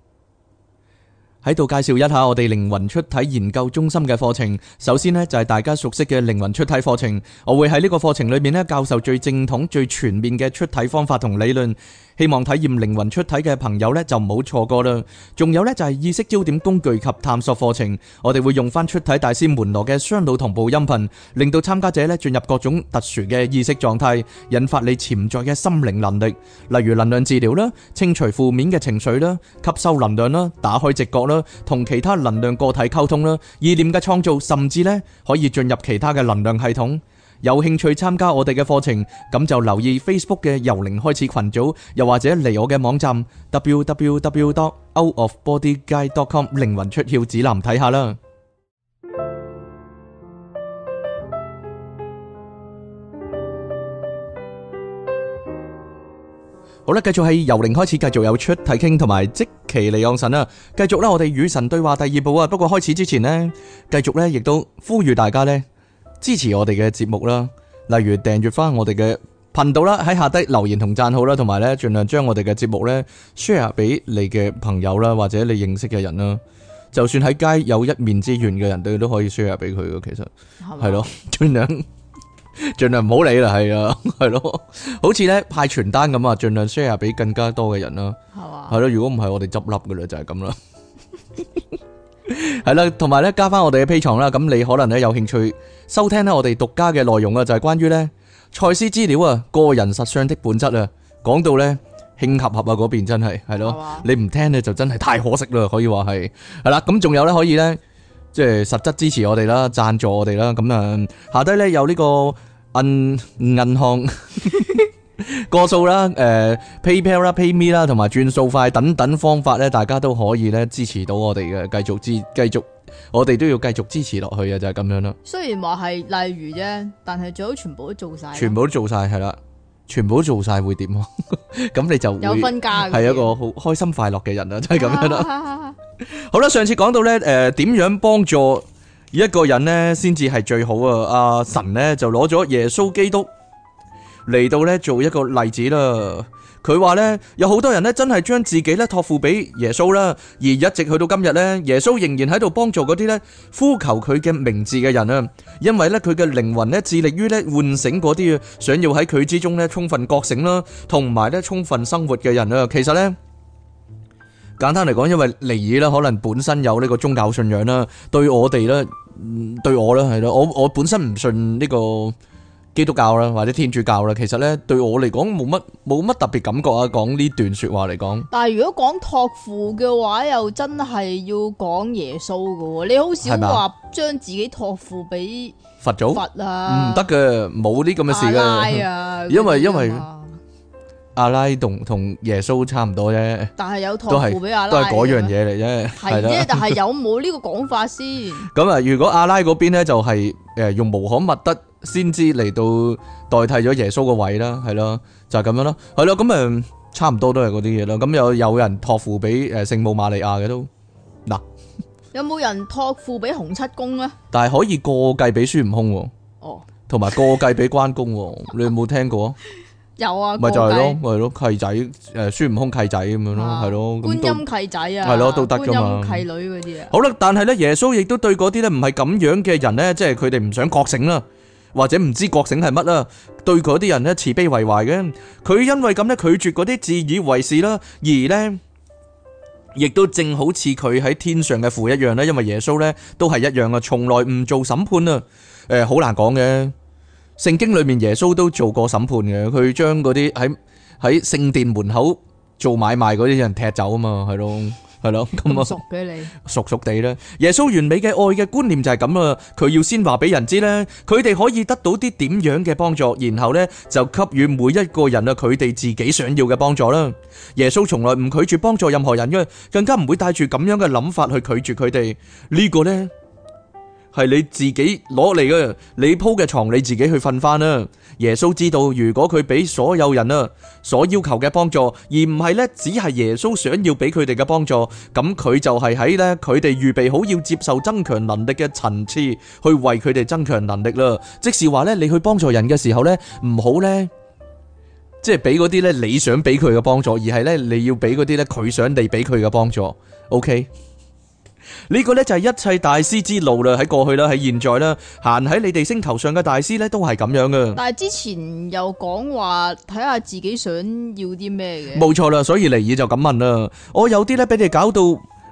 S2: 喺度介紹一下我哋靈魂出體研究中心嘅課程。首先呢，就係大家熟悉嘅靈魂出體課程，我會喺呢個課程裏面呢，教授最正統、最全面嘅出體方法同理論。希望體驗靈魂出體嘅朋友咧就唔好錯過啦！仲有咧就係意識焦點工具及探索課程，我哋會用返出體大師門羅嘅雙腦同步音頻，令到參加者咧進入各種特殊嘅意識狀態，引發你潛在嘅心靈能力，例如能量治療啦、清除負面嘅情緒啦、吸收能量啦、打開直覺啦、同其他能量個體溝通啦、意念嘅創造，甚至咧可以進入其他嘅能量系統。有興趣參加我哋嘅課程，咁就留意 Facebook 嘅由零開始群組，又或者嚟我嘅網站 w w w dot out of body guide dot com 靈魂出竅指南睇下啦。看看 好啦，繼續係由零開始，繼續有出體傾，同埋即期嚟望神啦。繼續啦，我哋與神對話第二部啊。不過開始之前呢，繼續咧，亦都呼籲大家呢。支持我哋嘅節目啦，例如訂閱翻我哋嘅頻道啦，喺下低留言同讚好啦，同埋咧盡量將我哋嘅節目咧 share 俾你嘅朋友啦，或者你認識嘅人啦，嗯、就算喺街有一面之緣嘅人都都可以 share 俾佢噶，其實係吧咯，盡量盡量唔好理啦，係啊，係咯，好似咧派傳單咁啊，盡量 share 俾更加多嘅人啦，係啊吧。係、就是、 咯，如果唔係我哋執笠噶啦，就係咁啦，係啦，同埋咧加翻我哋嘅 P 床啦，咁你可能咧有興趣。收聽咧，我哋獨家嘅內容啊，就係關於咧賽斯資料啊，個人實相的本質啊，講到咧興合合啊，嗰邊真係係咯，吧你唔聽咧就真係太可惜啦，可以話係係啦，咁仲有咧可以咧，即係實質支持我哋啦，贊助我哋啦，咁、嗯、啊下低呢，銀 呃、PayPal，PayMe，有呢個銀銀行個數啦，誒 PayPal 啦 PayMe 啦，同埋轉數快等等方法咧，大家都可以咧支持到我哋嘅，繼續支繼續。我哋都要繼續支持落去呀就係、是、咁樣啦。
S1: 雖然話係例如啫，但係最好全部都做晒。全
S2: 部都做晒係啦，全部都做晒會點啊？咁你就有分家，係一個好開心快樂嘅人啊，就係、是、咁樣啦。 好啦，上次講到咧，誒、呃，點樣幫助一個人咧，先至係最好啊。阿神咧就攞咗耶穌基督嚟到咧做一個例子啦。佢話呢，有好多人呢，真係將自己呢託付俾耶穌啦，而一直去到今日呢，耶穌仍然喺度幫助嗰啲呢呼求佢嘅名字嘅人啊，因為呢佢嘅靈魂呢致力於呢喚醒嗰啲想要喺佢之中呢充分覺醒啦，同埋呢充分生活嘅人啊。其實呢，簡單嚟講，因為尼爾呢，可能本身有呢個宗教信仰啦，對我哋呢，對我呢，係咯，我我本身唔信呢個。基督教啦，或者天主教啦，其實咧對我嚟講冇乜冇乜特別感覺啊。講呢段説話嚟講，
S1: 但係如果講托付嘅話，又真係要講耶穌㗎喎。你好少話將自己托付俾
S2: 佛、啊、佛祖，佛啊，唔得㗎，冇啲咁嘅事㗎，啊啊，因為因為。阿拉同同耶穌差唔多啫，
S1: 但係有託付俾阿拉，都係嗰樣
S2: 嘢嚟啫，係啫，但係
S1: 有冇呢個講法先？
S2: 咁啊，如果阿拉嗰邊咧就係誒用穆罕默德先知嚟到代替咗耶穌個位啦，係咯，就係咁樣咯，係咯，咁啊差唔多都係嗰啲嘢咯，咁有有人托付俾誒聖母瑪利亞嘅都嗱，
S1: 有冇人托付俾洪七公咧？
S2: 但係可以過繼俾孫悟空，哦，同埋過繼俾關公，你有冇聽過？
S1: 有啊，咪就係咯，
S2: 咪係咯，契仔誒，孫悟空契仔咁樣咯，係咯，啊，的觀音
S1: 契仔啊，係咯，都得噶嘛，契女嗰啲啊。
S2: 好啦，但係咧，耶穌亦都對嗰啲咧唔係咁樣嘅人咧，即係佢哋唔想覺醒啦，或者唔知覺醒係乜啦，對嗰啲人咧慈悲為懷嘅，佢因為咁咧拒絕嗰啲自以為是啦，而咧亦都正好似佢喺天上嘅父一樣咧，因為耶穌咧都係一樣啊，從來唔做審判啊，誒、呃，好難講嘅。聖經裏面耶穌都做過審判嘅，佢將嗰啲喺喺聖殿門口做買賣嗰啲人踢走啊嘛，係咯，係咯，咁啊，熟嘅你，熟熟哋咧。耶穌完美嘅愛嘅觀念就係咁啦，佢要先話俾人知咧，佢哋可以得到啲點樣嘅幫助，然後咧就給予每一個人啊，佢哋自己想要嘅幫助啦。耶穌從來唔拒絕幫助任何人嘅，更加唔會帶住咁樣嘅諗法去拒絕佢哋。呢個咧。係你自己攞嚟嘅，你鋪嘅床你自己去瞓翻啦。耶穌知道，如果佢俾所有人啊所要求嘅幫助，而唔係咧只係耶穌想要俾佢哋嘅幫助，咁佢就係喺咧佢哋預備好要接受增強能力嘅層次去為佢哋增強能力啦。即是話咧，你去幫助人嘅時候咧，唔好咧，即係俾嗰啲咧你想俾佢嘅幫助，而係咧你要俾嗰啲咧佢想你俾佢嘅幫助。OK。呢個咧就係一切大師之路啦，喺過去啦，喺現在啦，行喺你哋星球上嘅大師咧都係咁樣嘅。但
S1: 係之前又講話睇下自己想要啲咩嘅。冇
S2: 錯啦，所以尼爾就咁問啦，我有啲咧俾你搞到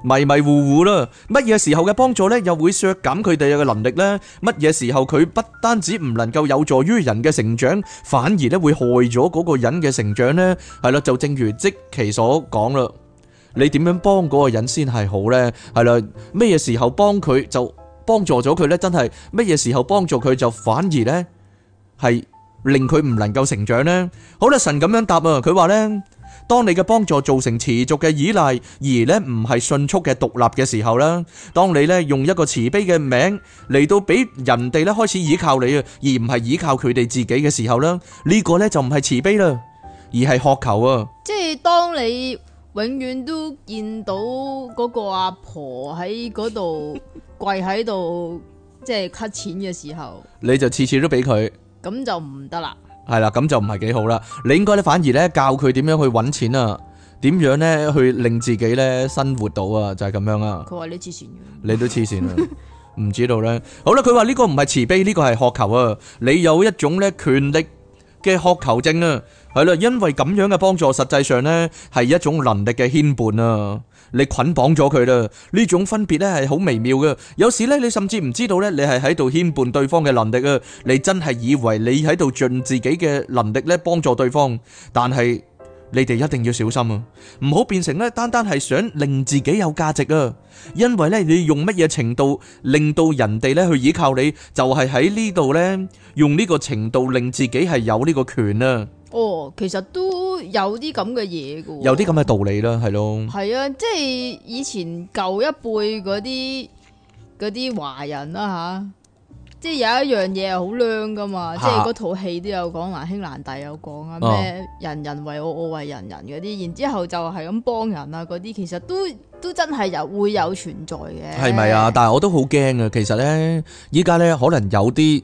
S2: 迷迷糊糊啦，乜嘢時候嘅幫助咧又會削減佢哋嘅能力咧？乜嘢時候佢不單止唔能夠有助於人嘅成長，反而咧會害咗嗰個人嘅成長咧？係啦，就正如積奇所講啦。你點樣幫嗰個人先係好呢？係啦，咩嘢時候幫佢就幫助咗佢呢？真係咩嘢時候幫助佢就反而呢係令佢唔能夠成長呢？好啦，神咁樣答啊，佢話呢，當你嘅幫助造成持續嘅依賴，而呢唔係迅速嘅獨立嘅時候啦，當你呢用一個慈悲嘅名嚟到俾人哋呢開始倚靠你啊，而唔係倚靠佢哋自己嘅時候呢，呢個呢就唔係慈悲啦，而係渴求啊。
S1: 即係當你。永遠都見到嗰個阿婆喺嗰度跪喺度，即係乞錢嘅時候，
S2: 你就次次都俾佢，
S1: 咁就唔得啦。
S2: 係啦，咁就唔係幾好啦。你應該咧反而咧教佢點樣去揾錢啊，點樣咧去令自己咧生活到啊，就係咁樣啦。佢
S1: 話你黐線嘅，
S2: 你都黐線啊，唔知道咧。好啦，佢話呢個唔係慈悲，呢個係渴求啊。你有一種咧權力嘅渴求症啊。係啦，因為咁樣嘅幫助，實際上呢，係一種能力嘅牽絆啊。你捆綁咗佢啦，呢種分別呢係好微妙嘅。有時呢，你甚至唔知道呢，你係喺度牽絆對方嘅能力啊。你真係以為你喺度盡自己嘅能力呢幫助對方，但係你哋一定要小心啊，唔好變成呢，單單係想令自己有價值啊。因為呢，你用乜嘢程度令到人哋呢去依靠你，就係喺呢度呢，用呢個程度令自己係有呢個權啊。
S1: 哦，其實都有啲咁嘅嘢嘅，有啲咁
S2: 嘅道理啦，係咯。係
S1: 啊，即係以前舊一輩嗰啲啲華人啦吓、啊，即係有一樣嘢好靚嘅嘛，啊、即係嗰套戲都有講，難兄難弟有講啊，咩人人為我，啊、我為人人嗰啲，然之後就係咁幫人啊嗰啲，其實都都真係有會有存在嘅。係咪
S2: 啊？但係我都好驚啊！其實咧，依家咧可能有啲。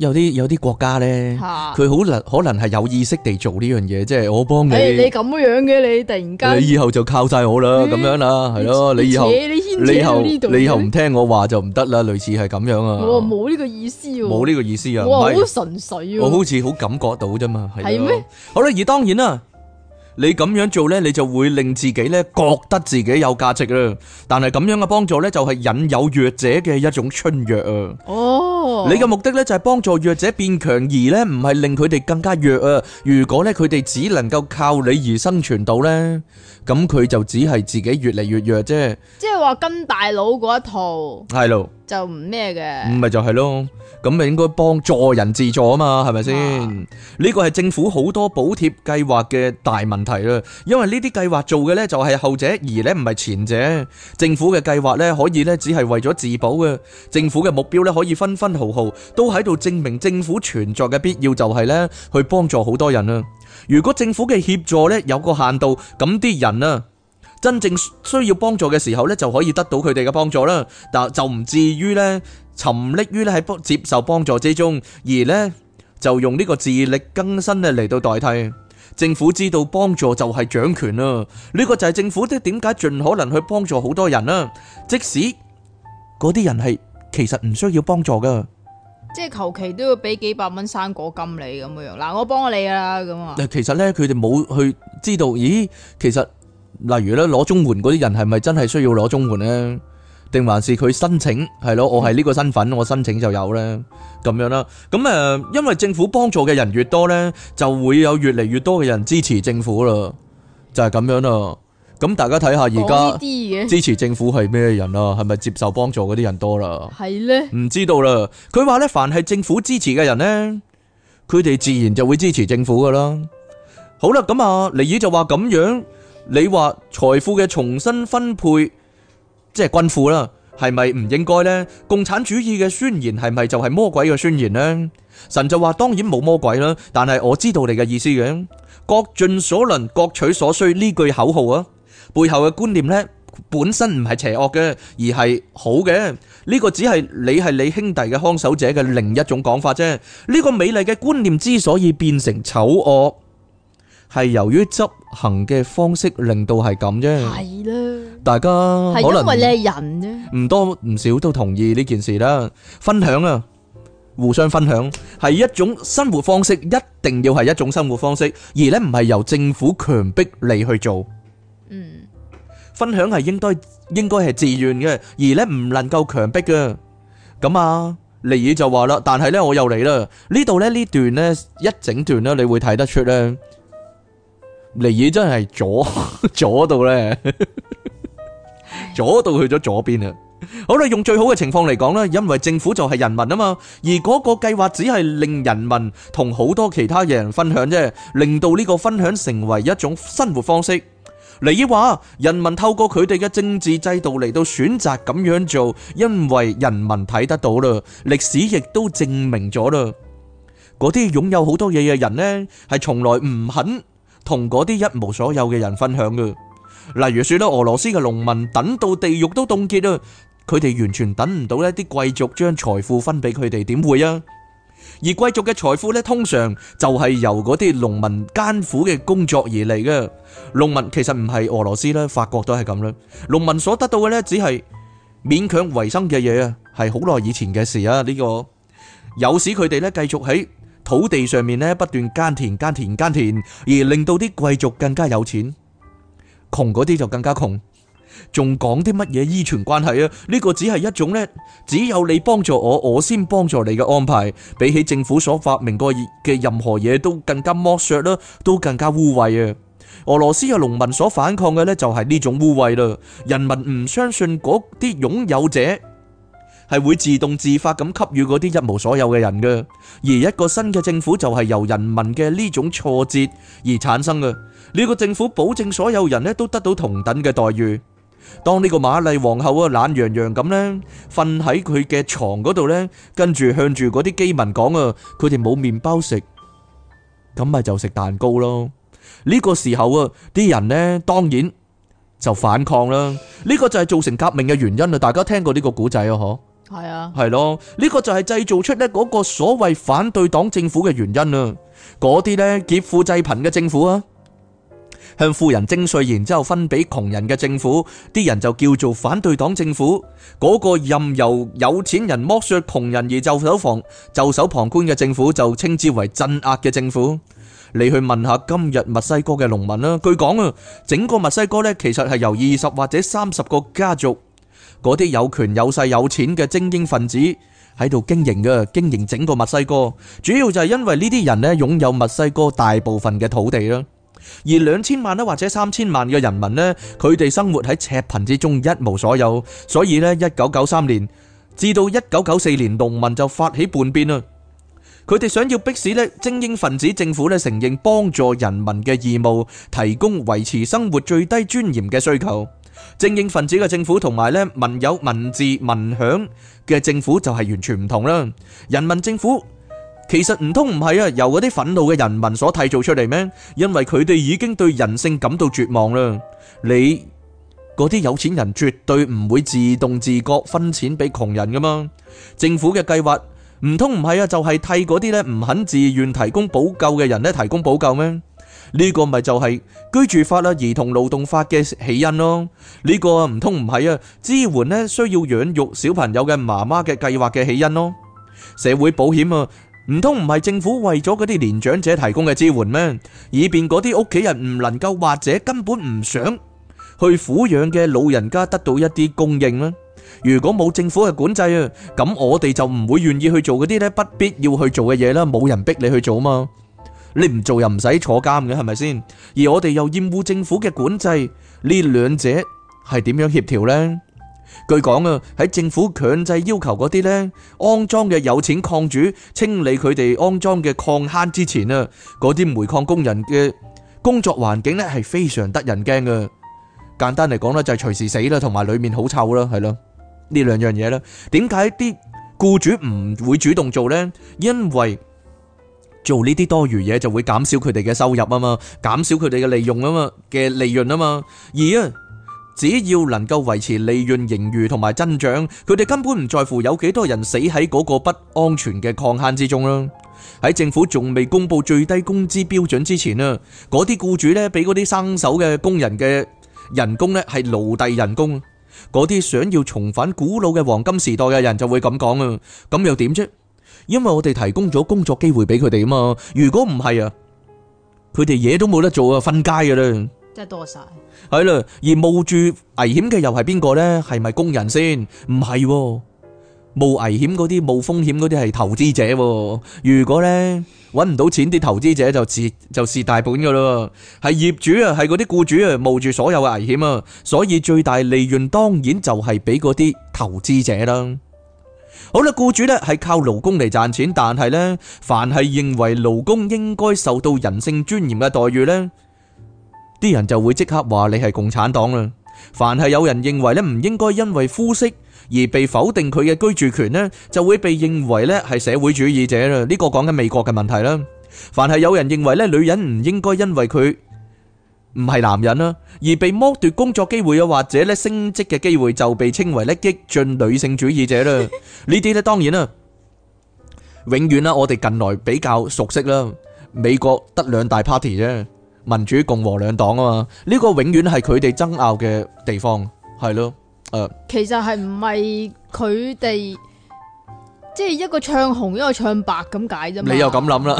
S2: 有啲有啲國家咧，佢好能可能係有意識地做呢樣嘢，即係我幫你。欸、你
S1: 咁樣嘅你突然間，你以
S2: 後就靠晒我啦，咁、欸、樣啦，係咯，你以後你以後你以後唔聽我話就唔得啦，類似係咁樣啊。我
S1: 冇呢個意思喎，冇呢個
S2: 意思啊，我好純粹喎，我好似好感覺到啫嘛，係咩嗎？好啦，而當然啦。你咁樣做咧，你就會令自己咧覺得自己有價值啦。但係咁樣嘅幫助咧，就係引誘弱者嘅一種春藥啊！哦，
S1: 你嘅
S2: 目的咧就係幫助弱者變強，而咧唔係令佢哋更加弱啊！如果咧佢哋只能夠靠你而生存到咧，咁佢就只係自己越嚟越弱啫。
S1: 即係話跟大佬嗰一套，係咯，就唔咩嘅，
S2: 唔係就係咯。咁咪應該幫助人自助啊嘛，係咪先？呢個係政府好多補貼計劃嘅大問題啦，因為呢啲計劃做嘅呢，就係後者，而呢唔係前者。政府嘅計劃呢，可以呢只係為咗自保嘅，政府嘅目標呢，可以分分毫毫都喺度證明政府存在嘅必要，就係呢去幫助好多人啦。如果政府嘅協助呢有個限度，咁啲人啊真正需要幫助嘅時候呢，就可以得到佢哋嘅幫助啦，但就唔至於呢。沉溺於咧喺，幫接受幫助之中，而咧就用呢個自力更生咧嚟到代替。政府知道幫助就係掌權啊！呢個就係政府的點解盡可能去幫助好多人啦，即使嗰啲人係其實唔需要幫助噶，
S1: 即係求其都要俾幾百蚊生果金你咁樣。嗱，我幫咗你啦咁啊。
S2: 其實咧，佢哋冇去知道，咦，其實例如咧攞綜援嗰啲人係咪真係需要攞綜援咧？定還是佢申請係咯？我係呢個身份，我申請就有呢。咁樣啦。咁誒，因為政府幫助嘅人越多呢，就會有越嚟越多嘅人支持政府啦。就係咁樣啦。咁大家睇下而家支持政府係咩人啊？係咪接受幫助嗰啲人多啦？係呢？唔知道啦。佢話呢，凡係政府支持嘅人呢，佢哋自然就會支持政府噶啦。好啦，咁啊，尼爾就話咁樣，你話財富嘅重新分配。即係君父啦，係咪唔應該呢？共產主義嘅宣言，係咪就係魔鬼嘅宣言呢？神就話當然冇魔鬼啦，但係我知道你嘅意思嘅。各盡所能，各取所需呢句口號啊，背後嘅觀念呢，本身唔係邪惡嘅，而係好嘅。呢個只係你係你兄弟嘅看守者嘅另一種講法啫。呢個美麗嘅觀念之所以變成醜惡，係由於執行嘅方式令到係咁啫，係啦，大家可能係因為你係人啫，唔多唔少都同意呢件事啦。分享啊，互相分享係一種生活方式，一定要係一種生活方式，而呢唔係由政府強迫你去做。嗯，分享係應該應該係自願嘅，而呢唔能夠強迫嘅咁啊。尼爾就話啦，但係呢我又嚟啦呢度呢呢段呢一整段呢你會睇得出呢。尼爾真係左左到咧，左到去咗左邊啦。好啦，用最好嘅情況嚟講啦，因為政府就係人民啊嘛，而嗰個計劃只係令人民同好多其他嘢人分享啫，令到呢個分享成為一種生活方式。尼爾話，人民透過佢哋嘅政治制度嚟到選擇咁樣做，因為人民睇得到啦，歷史亦都證明咗啦，嗰啲擁有好多嘢嘅人呢，係從來唔肯。同嗰啲一無所有嘅人分享嘅，例如說咧，俄羅斯嘅農民等到地獄都凍結啦，佢哋完全等唔到咧，啲貴族將財富分俾佢哋，點會啊？而貴族嘅財富咧，通常就係由嗰啲農民艱苦嘅工作而嚟嘅。農民其實唔係俄羅斯啦，法國都係咁啦。農民所得到嘅咧，只係勉強維生嘅嘢啊，係好耐以前嘅事啊呢個，有時佢哋咧繼續喺。土地上面咧不斷耕田耕田耕田，而令到啲貴族更加有錢，窮嗰啲就更加窮。仲講啲乜嘢依存關係啊？呢個只係一種咧，只有你幫助我，我先幫助你嘅安排。比起政府所發明過嘅任何嘢都更加剝削啦，都更加污穢啊！俄羅斯嘅農民所反抗嘅咧就係呢種污穢啦，人民唔相信嗰啲擁有者係會自動自發咁給予嗰啲一無所有嘅人嘅，而一個新嘅政府就係由人民嘅呢種挫折而產生嘅。呢個政府保證所有人咧都得到同等嘅待遇。當呢個瑪麗皇后啊懶洋洋咁咧瞓喺佢嘅床嗰度咧，跟住向住嗰啲饑民講啊，佢哋冇麵包食，咁咪就食蛋糕咯。呢個時候啊，啲人咧當然就反抗啦。呢個就係造成革命嘅原因啊！大家聽過呢個古仔啊？嗬？係啊，係咯，呢個就係製造出咧嗰個所謂反對黨政府嘅原因啦。嗰啲咧劫富濟貧嘅政府啊，向富人徵稅，然之後分俾窮人嘅政府，啲人就叫做反對黨政府。嗰個任由有錢人剝削窮人而袖手旁袖手旁觀嘅政府，就稱之為鎮壓嘅政府。你去問下今日墨西哥嘅農民啦，據講啊，整個墨西哥咧其實係由二十或者三十個家族嗰啲有權有勢有錢嘅精英分子喺度經營嘅，經營整個墨西哥，主要就係因為呢啲人呢擁有墨西哥大部分嘅土地啦，而兩千萬啦或者三千萬嘅人民呢，佢哋生活喺赤貧之中一無所有，所以呢，一九九三年至到一九九四年，農民就發起叛變啦，佢哋想要迫使呢精英分子政府呢承認幫助人民嘅義務，提供維持生活最低尊嚴嘅需求。精英分子嘅政府同埋咧民有民治民享嘅政府就係完全唔同啦。人民政府其實唔通唔係啊，由嗰啲憤怒嘅人民所締造出嚟咩？因為佢哋已經對人性感到絕望啦。你嗰啲有錢人絕對唔會自動自覺分錢俾窮人噶嘛？政府嘅計劃唔通唔係啊，就係替嗰啲咧唔肯自願提供補救嘅人咧提供補救咩？呢個咪就係居住法啊、兒童勞動法嘅起因咯，呢個唔通唔係啊，支援呢需要養育小朋友嘅媽媽嘅計劃嘅起因咯？社會保險啊，唔通唔係政府為咗嗰啲年長者提供嘅支援咩？以便嗰啲屋企人唔能夠或者根本唔想去撫養嘅老人家得到一啲供應啦？如果冇政府嘅管制啊，咁我哋就唔會願意去做嗰啲咧不必要去做嘅嘢啦，冇人逼你去做啊嘛。你唔做又唔使坐監嘅係咪先？而我哋又厭惡政府嘅管制，呢兩者係點樣協調呢？據講啊，喺政府強制要求嗰啲呢安裝嘅有錢礦主清理佢哋安裝嘅礦坑之前啊，嗰啲煤礦工人嘅工作環境呢係非常得人驚嘅。簡單嚟講咧就係隨時死啦，同埋裏面好臭啦，係咯呢兩樣嘢呢。點解啲僱主唔會主動做呢？因為做呢啲多餘嘢就會減少佢哋嘅收入啊嘛，減少佢哋嘅利用啊嘛嘅利潤啊嘛，而啊只要能夠維持利潤盈餘同埋增長，佢哋根本唔在乎有幾多人死喺嗰個不安全嘅礦坑之中啦。喺政府仲未公布最低工資標準之前啦，嗰啲僱主咧俾嗰啲生手嘅工人嘅人工咧係奴隸人工，嗰啲想要重返古老嘅黃金時代嘅人就會咁講啊，咁又點啫？因為我哋提供咗工作機會俾佢哋啊嘛，如果唔係啊，佢哋嘢都冇得做啊，瞓街噶啦，真係多晒係啦，而冒住危險嘅又係邊個呢？係咪工人先？唔係，冒危險嗰啲，冒風險嗰啲係投資者。如果呢，搵唔到錢，啲投資者就蝕就蝕大本噶啦，係業主啊，係嗰啲僱主啊冒住所有嘅危險啊，所以最大利潤當然就係俾嗰啲投資者啦。好啦，僱主咧，係靠勞工嚟賺錢，但係咧凡係認為勞工應該受到人性尊嚴嘅待遇咧，啲人就會即刻話你係共產黨啦。凡係有人認為咧唔應該因為膚色而被否定佢嘅居住權咧，就會被認為咧係社會主義者啦。呢個講緊美國嘅問題啦。凡係有人認為咧女人唔應該因為佢。唔係男人啦，而被剝奪工作機會啊，又或者咧升職嘅機會就被稱為咧激進女性主義者啦。呢啲咧當然啦，永遠啦，我哋近來比較熟悉啦。美國得兩大 party 啫，民主共和兩黨啊嘛，呢個永遠係佢哋爭拗嘅地方，係咯，誒。
S1: 其實係唔係佢哋即係一個唱紅一個唱白咁解啫嘛？你又
S2: 咁諗啦？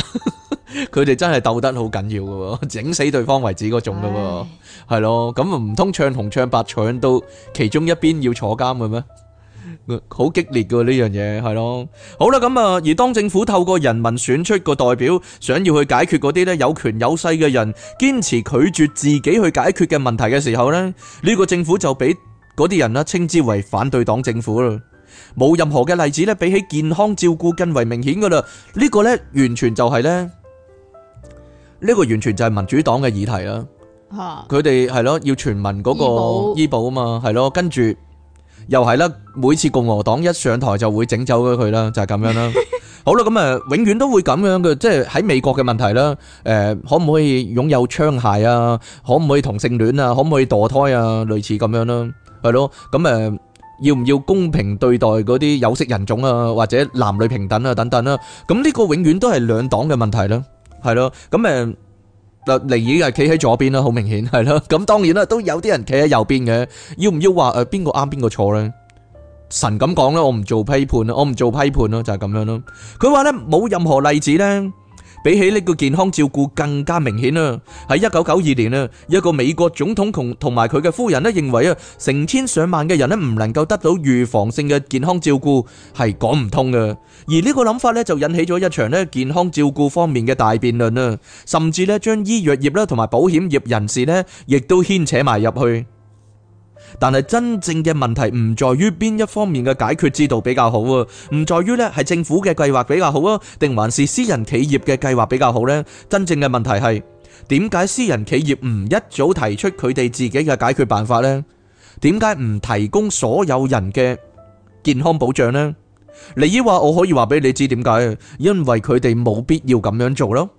S2: 佢哋真係鬥得好緊要嘅，整死對方為止嗰種噶，係咯，咁唔通唱紅唱白，唱到其中一邊要坐監嘅咩？好激烈嘅呢樣嘢係咯。好啦，咁啊，而當政府透過人民選出個代表，想要去解決嗰啲，咧有權有勢嘅人堅持拒絕自己去解決嘅問題嘅時候咧，呢個政府就俾嗰啲人啦稱之為反對黨政府啦。冇任何嘅例子咧，比起健康照顧更為明顯噶啦。呢個咧完全就係咧。呢個完全就係民主黨嘅議題啦，佢哋係咯，要全民嗰個醫保啊嘛，係咯，跟住又係啦，每次共和黨一上台就會整走咗佢啦，就係咁樣啦。好啦，咁啊，永遠都會咁樣嘅，即係喺美國嘅問題啦。誒，可唔可以擁有槍械啊？可唔可以同性戀啊？可唔可以墮胎啊？類似咁樣啦，係咯。咁誒，要唔要公平對待嗰啲有色人種啊？或者男女平等啊？等等啦。咁呢個永遠都係兩黨嘅問題啦。係咯，咁誒，嗱，尼爾係企喺左邊啦，好明顯係咯，咁當然啦，都有啲人企喺右邊嘅，要唔要話誒，邊個啱邊個錯咧？神咁講咧，我唔做批判咯，我唔做批判咯，就係咁樣咯。佢話咧，冇任何例子咧。比起呢個健康照顧更加明顯啊。喺一九九二年啊，一個美國總統同同埋佢嘅夫人呢認為啊，成千上萬嘅人呢唔能夠得到預防性嘅健康照顧係講唔通嘅，而呢個諗法呢，就引起咗一場呢健康照顧方面嘅大辯論啊，甚至呢將醫藥業啦同埋保險業人士呢，亦都牽扯埋入去。但係真正嘅問題唔在於邊一方面嘅解決之道比較好啊，唔在於咧係政府嘅計劃比較好啊，定還是私人企業嘅計劃比較好呢？真正嘅問題係點解私人企業唔一早提出佢哋自己嘅解決辦法呢？點解唔提供所有人嘅健康保障呢？你話我可以話俾你知點解，因為佢哋冇必要咁樣做咯。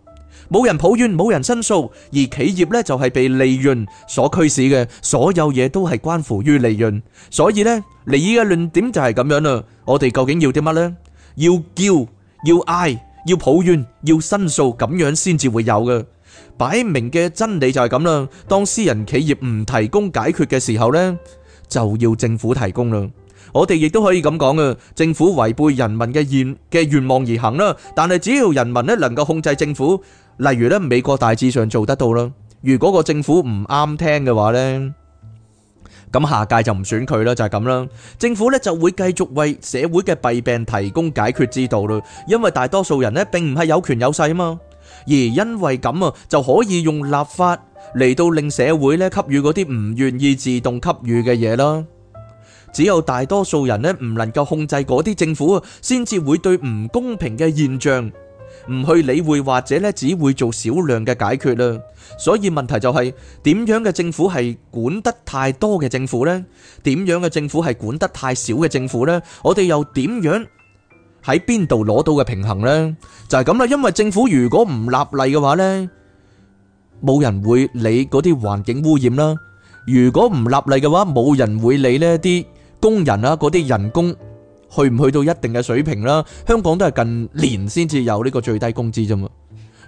S2: 冇人抱怨，冇人申訴，而企業咧就係被利潤所驅使嘅，所有嘢都係關乎於利潤。所以咧，利益嘅論點就係咁樣啦。我哋究竟要啲乜咧？要叫，要嗌，要抱怨，要申訴，咁樣先至會有嘅。擺明嘅真理就係咁啦。當私人企業唔提供解決嘅時候咧，就要政府提供啦。我哋亦都可以咁講啊，政府違背人民嘅願嘅願望而行啦。但係只要人民咧能夠控制政府。例如咧，美國大致上做得到啦。如果個政府唔啱聽嘅話咧，咁下屆就唔選佢啦，就係咁啦。政府咧就會繼續為社會嘅弊病，提供解決之道咯。因為大多數人咧並唔係有權有勢啊嘛，而因為咁啊，就可以用立法嚟到令社會咧給予嗰啲唔願意自動給予嘅嘢啦。只有大多數人咧唔能夠控制嗰啲政府啊，先至會對唔公平嘅現象。唔去理會或者呢，只會做少量嘅解決啦。所以問題就係點樣嘅政府係管得太多嘅政府呢？點樣嘅政府係管得太少嘅政府呢？我哋又點樣喺邊度攞到嘅平衡呢？就係咁啦。因為政府如果唔立例嘅話呢，冇人會理嗰啲環境污染啦。如果唔立例嘅話，冇人會理呢啲工人啊，嗰啲人工。去唔去到一定嘅水平啦？香港都係近年先至有呢個最低工資啫嘛。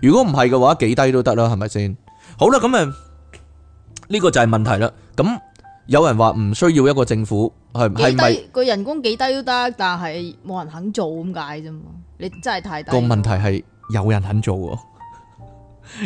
S2: 如果唔係嘅話，幾低都得啦，係咪先？好啦，咁啊，呢個就係問題啦。咁有人話唔需要一個政府係係咪
S1: 個人工幾低都得，但係冇人肯做咁解啫嘛？你真係太低。個問
S2: 題係有人肯做喎，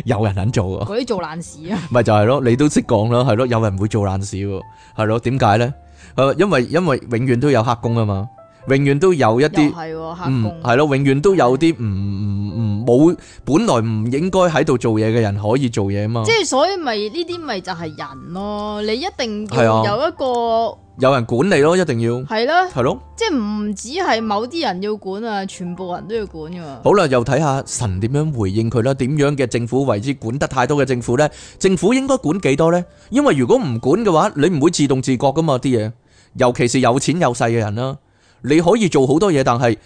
S2: 有人肯做喎，嗰
S1: 啲做爛事啊，
S2: 咪就係咯，你都識講啦，係咯，有人會做爛事喎，係咯，點解咧？誒，因為因為永遠都有黑工啊嘛。永遠都有一啲，係咯、哦嗯，永遠都有啲唔唔冇本來唔應該喺度做嘢嘅人可以做嘢嘛！即係
S1: 所以咪呢啲咪就係人咯，你一定要有一個，
S2: 有人管理咯，一定要係咯
S1: 係咯，即係唔止係某啲人要管啊，全部人都要
S2: 管噶！好啦，又睇下神點樣回應佢啦，點樣嘅政府為之管得太多嘅政府呢？政府應該管幾多呢？因為如果唔管嘅話，你唔會自動自覺噶嘛啲嘢，尤其是有錢有勢嘅人啦。你可以做好多嘢，但係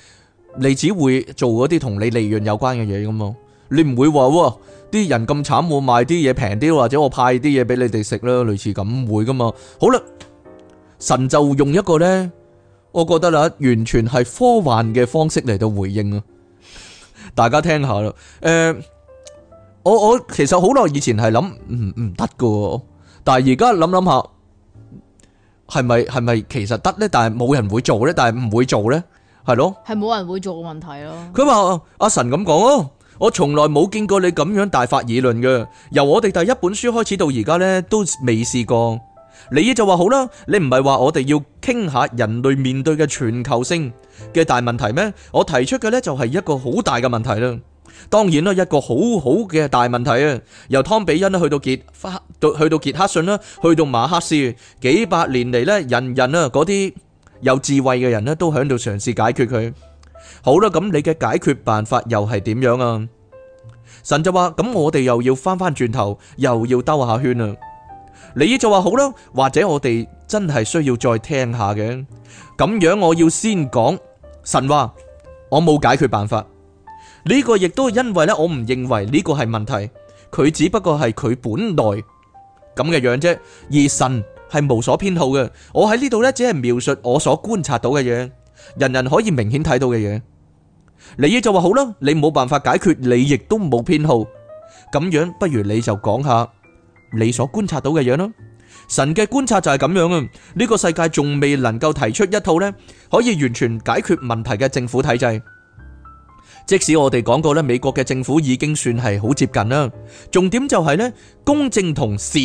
S2: 你只會做嗰啲同你利潤有關嘅嘢咁咯。你唔會話，啲人咁慘，我賣啲嘢平啲，或者我派啲嘢俾你哋食啦，類似咁會噶嘛？好啦，神就用一個咧，我覺得啦，完全係科幻嘅方式嚟到回應啊。大家聽下咯，誒，我我其實好耐以前係諗唔唔得噶，但係而家諗諗下。係咪，係咪其實得呢？但係冇人會做呢？但係唔會做呢？係咯？
S1: 係冇人會做嘅問題咯。
S2: 佢話阿神咁講，我從來冇見過你咁樣大發議論嘅。由我哋第一本書開始到而家呢，都未試過。你呢就話好啦，你唔係話我哋要傾下人類面對嘅全球性嘅大問題咩？我提出嘅呢，就係一個好大嘅問題啦。當然啦，一個好好嘅大問題啊，由湯比恩去到傑,去到傑克遜啦，去到馬克思，幾百年嚟咧，人人啊嗰啲有智慧嘅人咧，都響度嘗試解決佢。好啦，咁你嘅解決辦法又係點樣啊？神就話：咁我哋又要翻翻轉頭，又要兜下圈啊。你就話好啦，或者我哋真係需要再聽下嘅。咁樣我要先講，神話，我冇解決辦法。呢個亦都因為咧，我唔認為呢個係問題，佢只不過係佢本來咁嘅樣啫。而神係無所偏好嘅，我喺呢度咧只係描述我所觀察到嘅嘢，人人可以明顯睇到嘅嘢。你亦就話好啦，你冇辦法解決，你亦都冇偏好，咁樣不如你就講下你所觀察到嘅嘢啦。神嘅觀察就係咁樣啊！呢個世界仲未能夠提出一套呢，可以完全解決問題嘅政府體制。即使我哋講過咧，美國嘅政府已經算係好接近啦。重點就係、是、呢，公正同善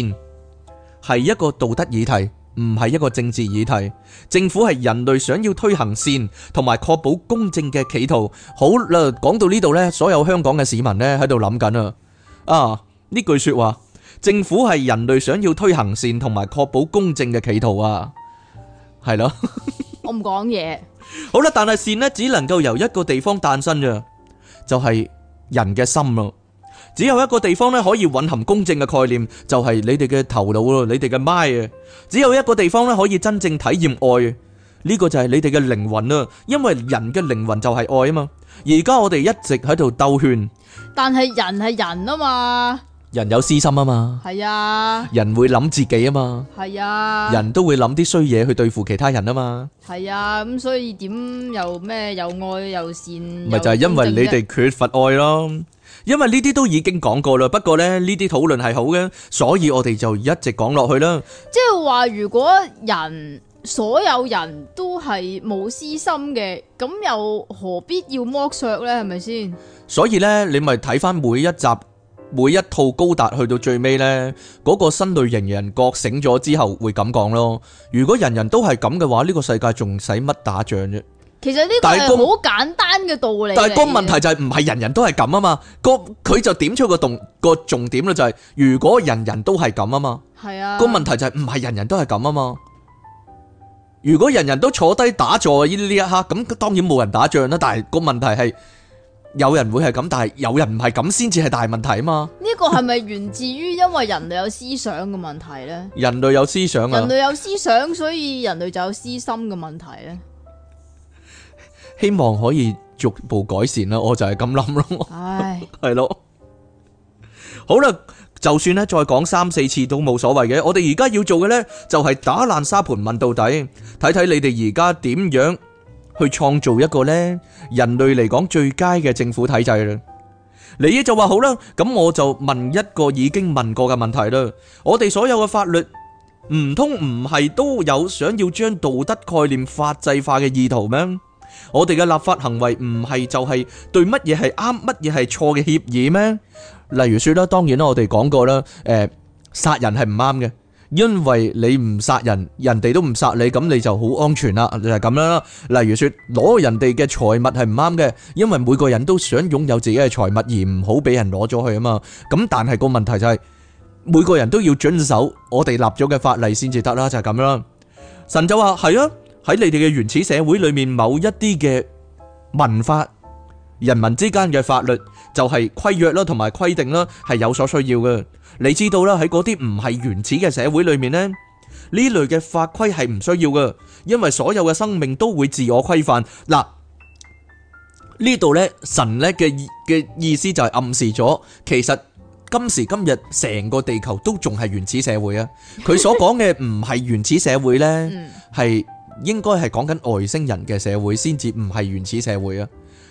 S2: 係一個道德議題，唔係一個政治議題。政府係人類想要推行善同埋確保公正嘅企圖。好啦，講、呃、到呢度呢，所有香港嘅市民呢喺度諗緊啊。啊，呢句說話，政府係人類想要推行善同埋確保公正嘅企圖啊，係咯。
S1: 我唔講嘢。
S2: 好啦，但係善咧只能夠由一個地方誕生咋，就係、是、人嘅心咯。只有一個地方咧可以蘊含公正嘅概念，就係、是、你哋嘅頭腦咯，你哋嘅 mind。只有一個地方咧可以真正體驗愛，呢、這個就係你哋嘅靈魂咯。因為人嘅靈魂就係愛啊嘛。而家我哋一直喺度兜圈，
S1: 但係人係人啊嘛。
S2: 人有私心啊嘛，
S1: 係啊，
S2: 人會諗自己啊嘛，
S1: 係啊，人
S2: 都會諗啲衰嘢，去對付其他人啊嘛，
S1: 係啊，咁所以點又咩又愛又善？咪就係因為你哋
S2: 缺乏愛咯，因為呢啲都已經講過啦。不過呢呢啲討論係好嘅，所以我哋就一直講落去啦。
S1: 即係話，如果人所有人都係冇私心嘅，咁又何必要剝削呢？係咪先？
S2: 所以呢，你咪睇翻每一集。每一套高達去到最尾呢，嗰個新類型人覺醒咗之後會咁講咯。如果人人都係咁嘅話，呢個世界仲使乜打仗啫？
S1: 其實呢個係好簡單嘅道理。但係個問題就
S2: 係唔係人人都係咁啊嘛。個佢就點出個重個重點啦，就係如果人人都係咁啊嘛。係啊。個問題就係唔係人人都係咁啊嘛。如果人人都坐低打坐呢呢一刻，咁當然冇人打仗啦。但係個問題係。有人會係咁，但係有人唔係咁先至係大問題啊嘛。
S1: 呢個係咪源自於因為人類有思想嘅問題咧？
S2: 人類有思想啊！人類
S1: 有思想，所以人類就有私心嘅問題咧。
S2: 希望可以逐步改善啦，我就係咁諗咯。唉，係咯。好啦，就算咧再講三四次都冇所謂嘅。我哋而家要做嘅咧就係打爛沙盤問到底，睇睇你哋而家點樣，去創造一個咧人類嚟講最佳嘅政府體制啦。你就話好啦，咁我就問一個已經問過嘅問題啦。我哋所有嘅法律唔通唔係都有想要將道德概念法制化嘅意圖咩？我哋嘅立法行為唔係就係對乜嘢係啱，乜嘢係錯嘅協議咩？例如說啦，當然啦，我哋講過啦，誒，殺人係唔啱嘅。因為你唔殺人，人哋都唔殺你，咁你就好安全啦，就係咁樣啦。例如說，攞人哋嘅財物係唔啱嘅，因為每個人都想擁有自己嘅財物而唔好俾人攞咗去啊嘛。咁但係個問題就係、是、每個人都要遵守我哋立咗嘅法例先至得啦，就係咁樣啦。神就話係啊，喺你哋嘅原始社會裏面某一啲嘅文化人民之間嘅法律。就係規約啦，同埋規定啦，係有所需要嘅。你知道啦，喺嗰啲唔係原始嘅社會裏面咧，呢類嘅法規係唔需要嘅，因為所有嘅生命都會自我規範。嗱，呢度咧，神咧嘅嘅意思就係暗示咗，其實今時今日成個地球都仲係原始社會啊。佢所講嘅唔係原始社會咧，係應該係講緊外星人嘅社會先至唔係原始社會啊。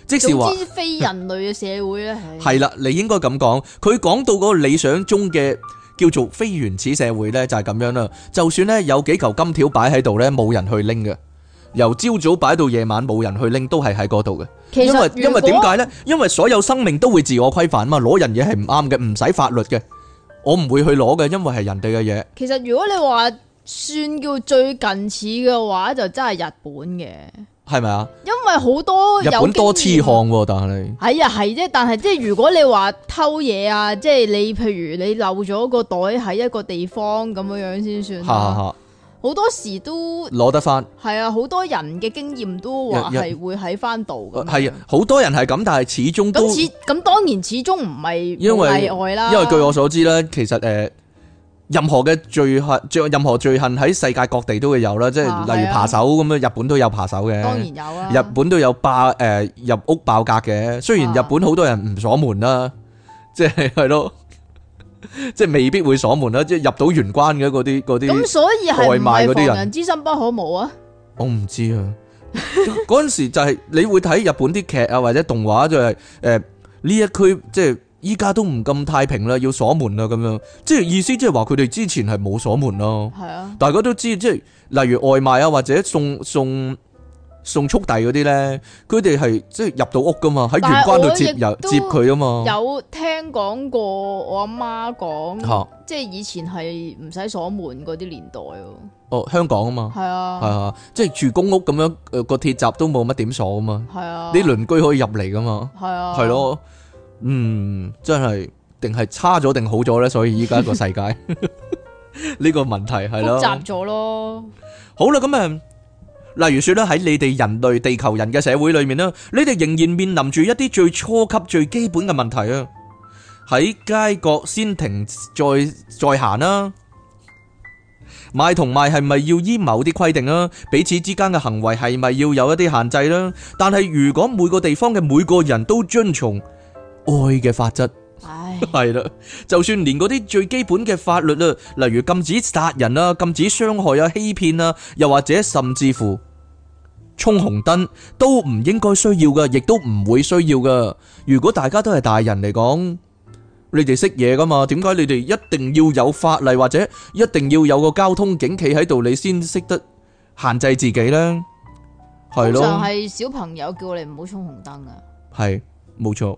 S2: 即係話
S1: 非人類嘅社會咧，
S2: 係啦，你應該咁講。佢講到嗰個理想中嘅，叫做非原始社會咧，就係咁樣啦。就算咧，有幾嚿金條擺喺度咧，冇人去拎嘅，由朝早擺到夜晚冇人去拎，都係喺嗰度嘅。因為，因為點解咧？因為所有生命都會自我規範啊嘛，攞人嘢係唔啱嘅，唔使法律嘅，我唔會去攞嘅，因為係人哋嘅嘢。
S1: 其實如果你話算叫最近似嘅話，就真係日本嘅。係咪啊？因為好多有好多
S2: 痴漢喎，但係你
S1: 係呀，係啫，但係即係如果你話偷嘢啊，即係你譬如你漏咗個袋喺一個地方咁樣樣先算。係係係。好多時都攞得翻，係啊，好多人嘅經驗都話係會喺翻度噶。係
S2: 啊，好、啊、多人係咁，但係始終都咁始
S1: 咁當然始終唔係例外啦。因為據我
S2: 所知咧，其實誒。呃任何嘅罪行，即係任何罪行喺世界各地都會有啦，即係例如扒手咁啊，啊日本都有扒手嘅，當然有啊。日本都有爆誒入屋爆格嘅，雖然日本好多人唔鎖門啦、啊 啊啊，即係係咯，即係未必會鎖門啦，即係入到玄關嘅啲嗰啲。咁、啊、所以係咪防人
S1: 之心不可無啊？
S2: 我唔知啊，嗰、嗯、陣 時就係你會睇日本啲劇啊，或者動畫就係誒呢一區、就是、即係。即依家都唔咁太平啦，要鎖門啦，咁樣即係意思，即係話佢哋之前係冇鎖門咯。係啊，大家都知，即係例如外賣啊，或者送送送速遞嗰啲咧，佢哋係即係入到屋噶嘛，喺玄關度接入接佢啊嘛。有
S1: 聽講過，我阿媽講，即係以前係唔使鎖門嗰啲年代
S2: 哦。哦，香港啊嘛，係啊，係啊，即係住公屋咁樣，誒個鐵閘都冇乜點鎖啊嘛。係啊，啲鄰居可以入嚟噶嘛。係啊，係咯。嗯，真係定係差咗定好咗呢？所以依家個世界呢個問題係咯複雜
S1: 咗咯。
S2: 好啦，咁啊，例如說咧，喺你哋人類地球人嘅社會裏面呢，你哋仍然面臨住一啲最初級最基本嘅問題啊。喺街角先停，再再行啦。買同賣係咪要依某啲規定啊？彼此之間嘅行為係咪要有一啲限制呢？但係如果每個地方嘅每個人都遵從。愛嘅法則係啦，就算連嗰啲最基本嘅法律啦，例如禁止殺人啦、禁止傷害啊、欺騙啊，又或者甚至乎衝紅燈都唔應該需要嘅，亦都唔會需要嘅。如果大家都係大人嚟講，你哋識嘢噶嘛？點解你哋一定要有法例或者一定要有個交通警企喺度，你先識得限制自己呢？係咯，就係
S1: 小朋友叫你唔好衝紅燈啊！
S2: 係冇錯。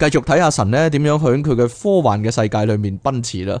S2: 繼續睇下神呢點樣響佢嘅科幻嘅世界裏面奔馳啦。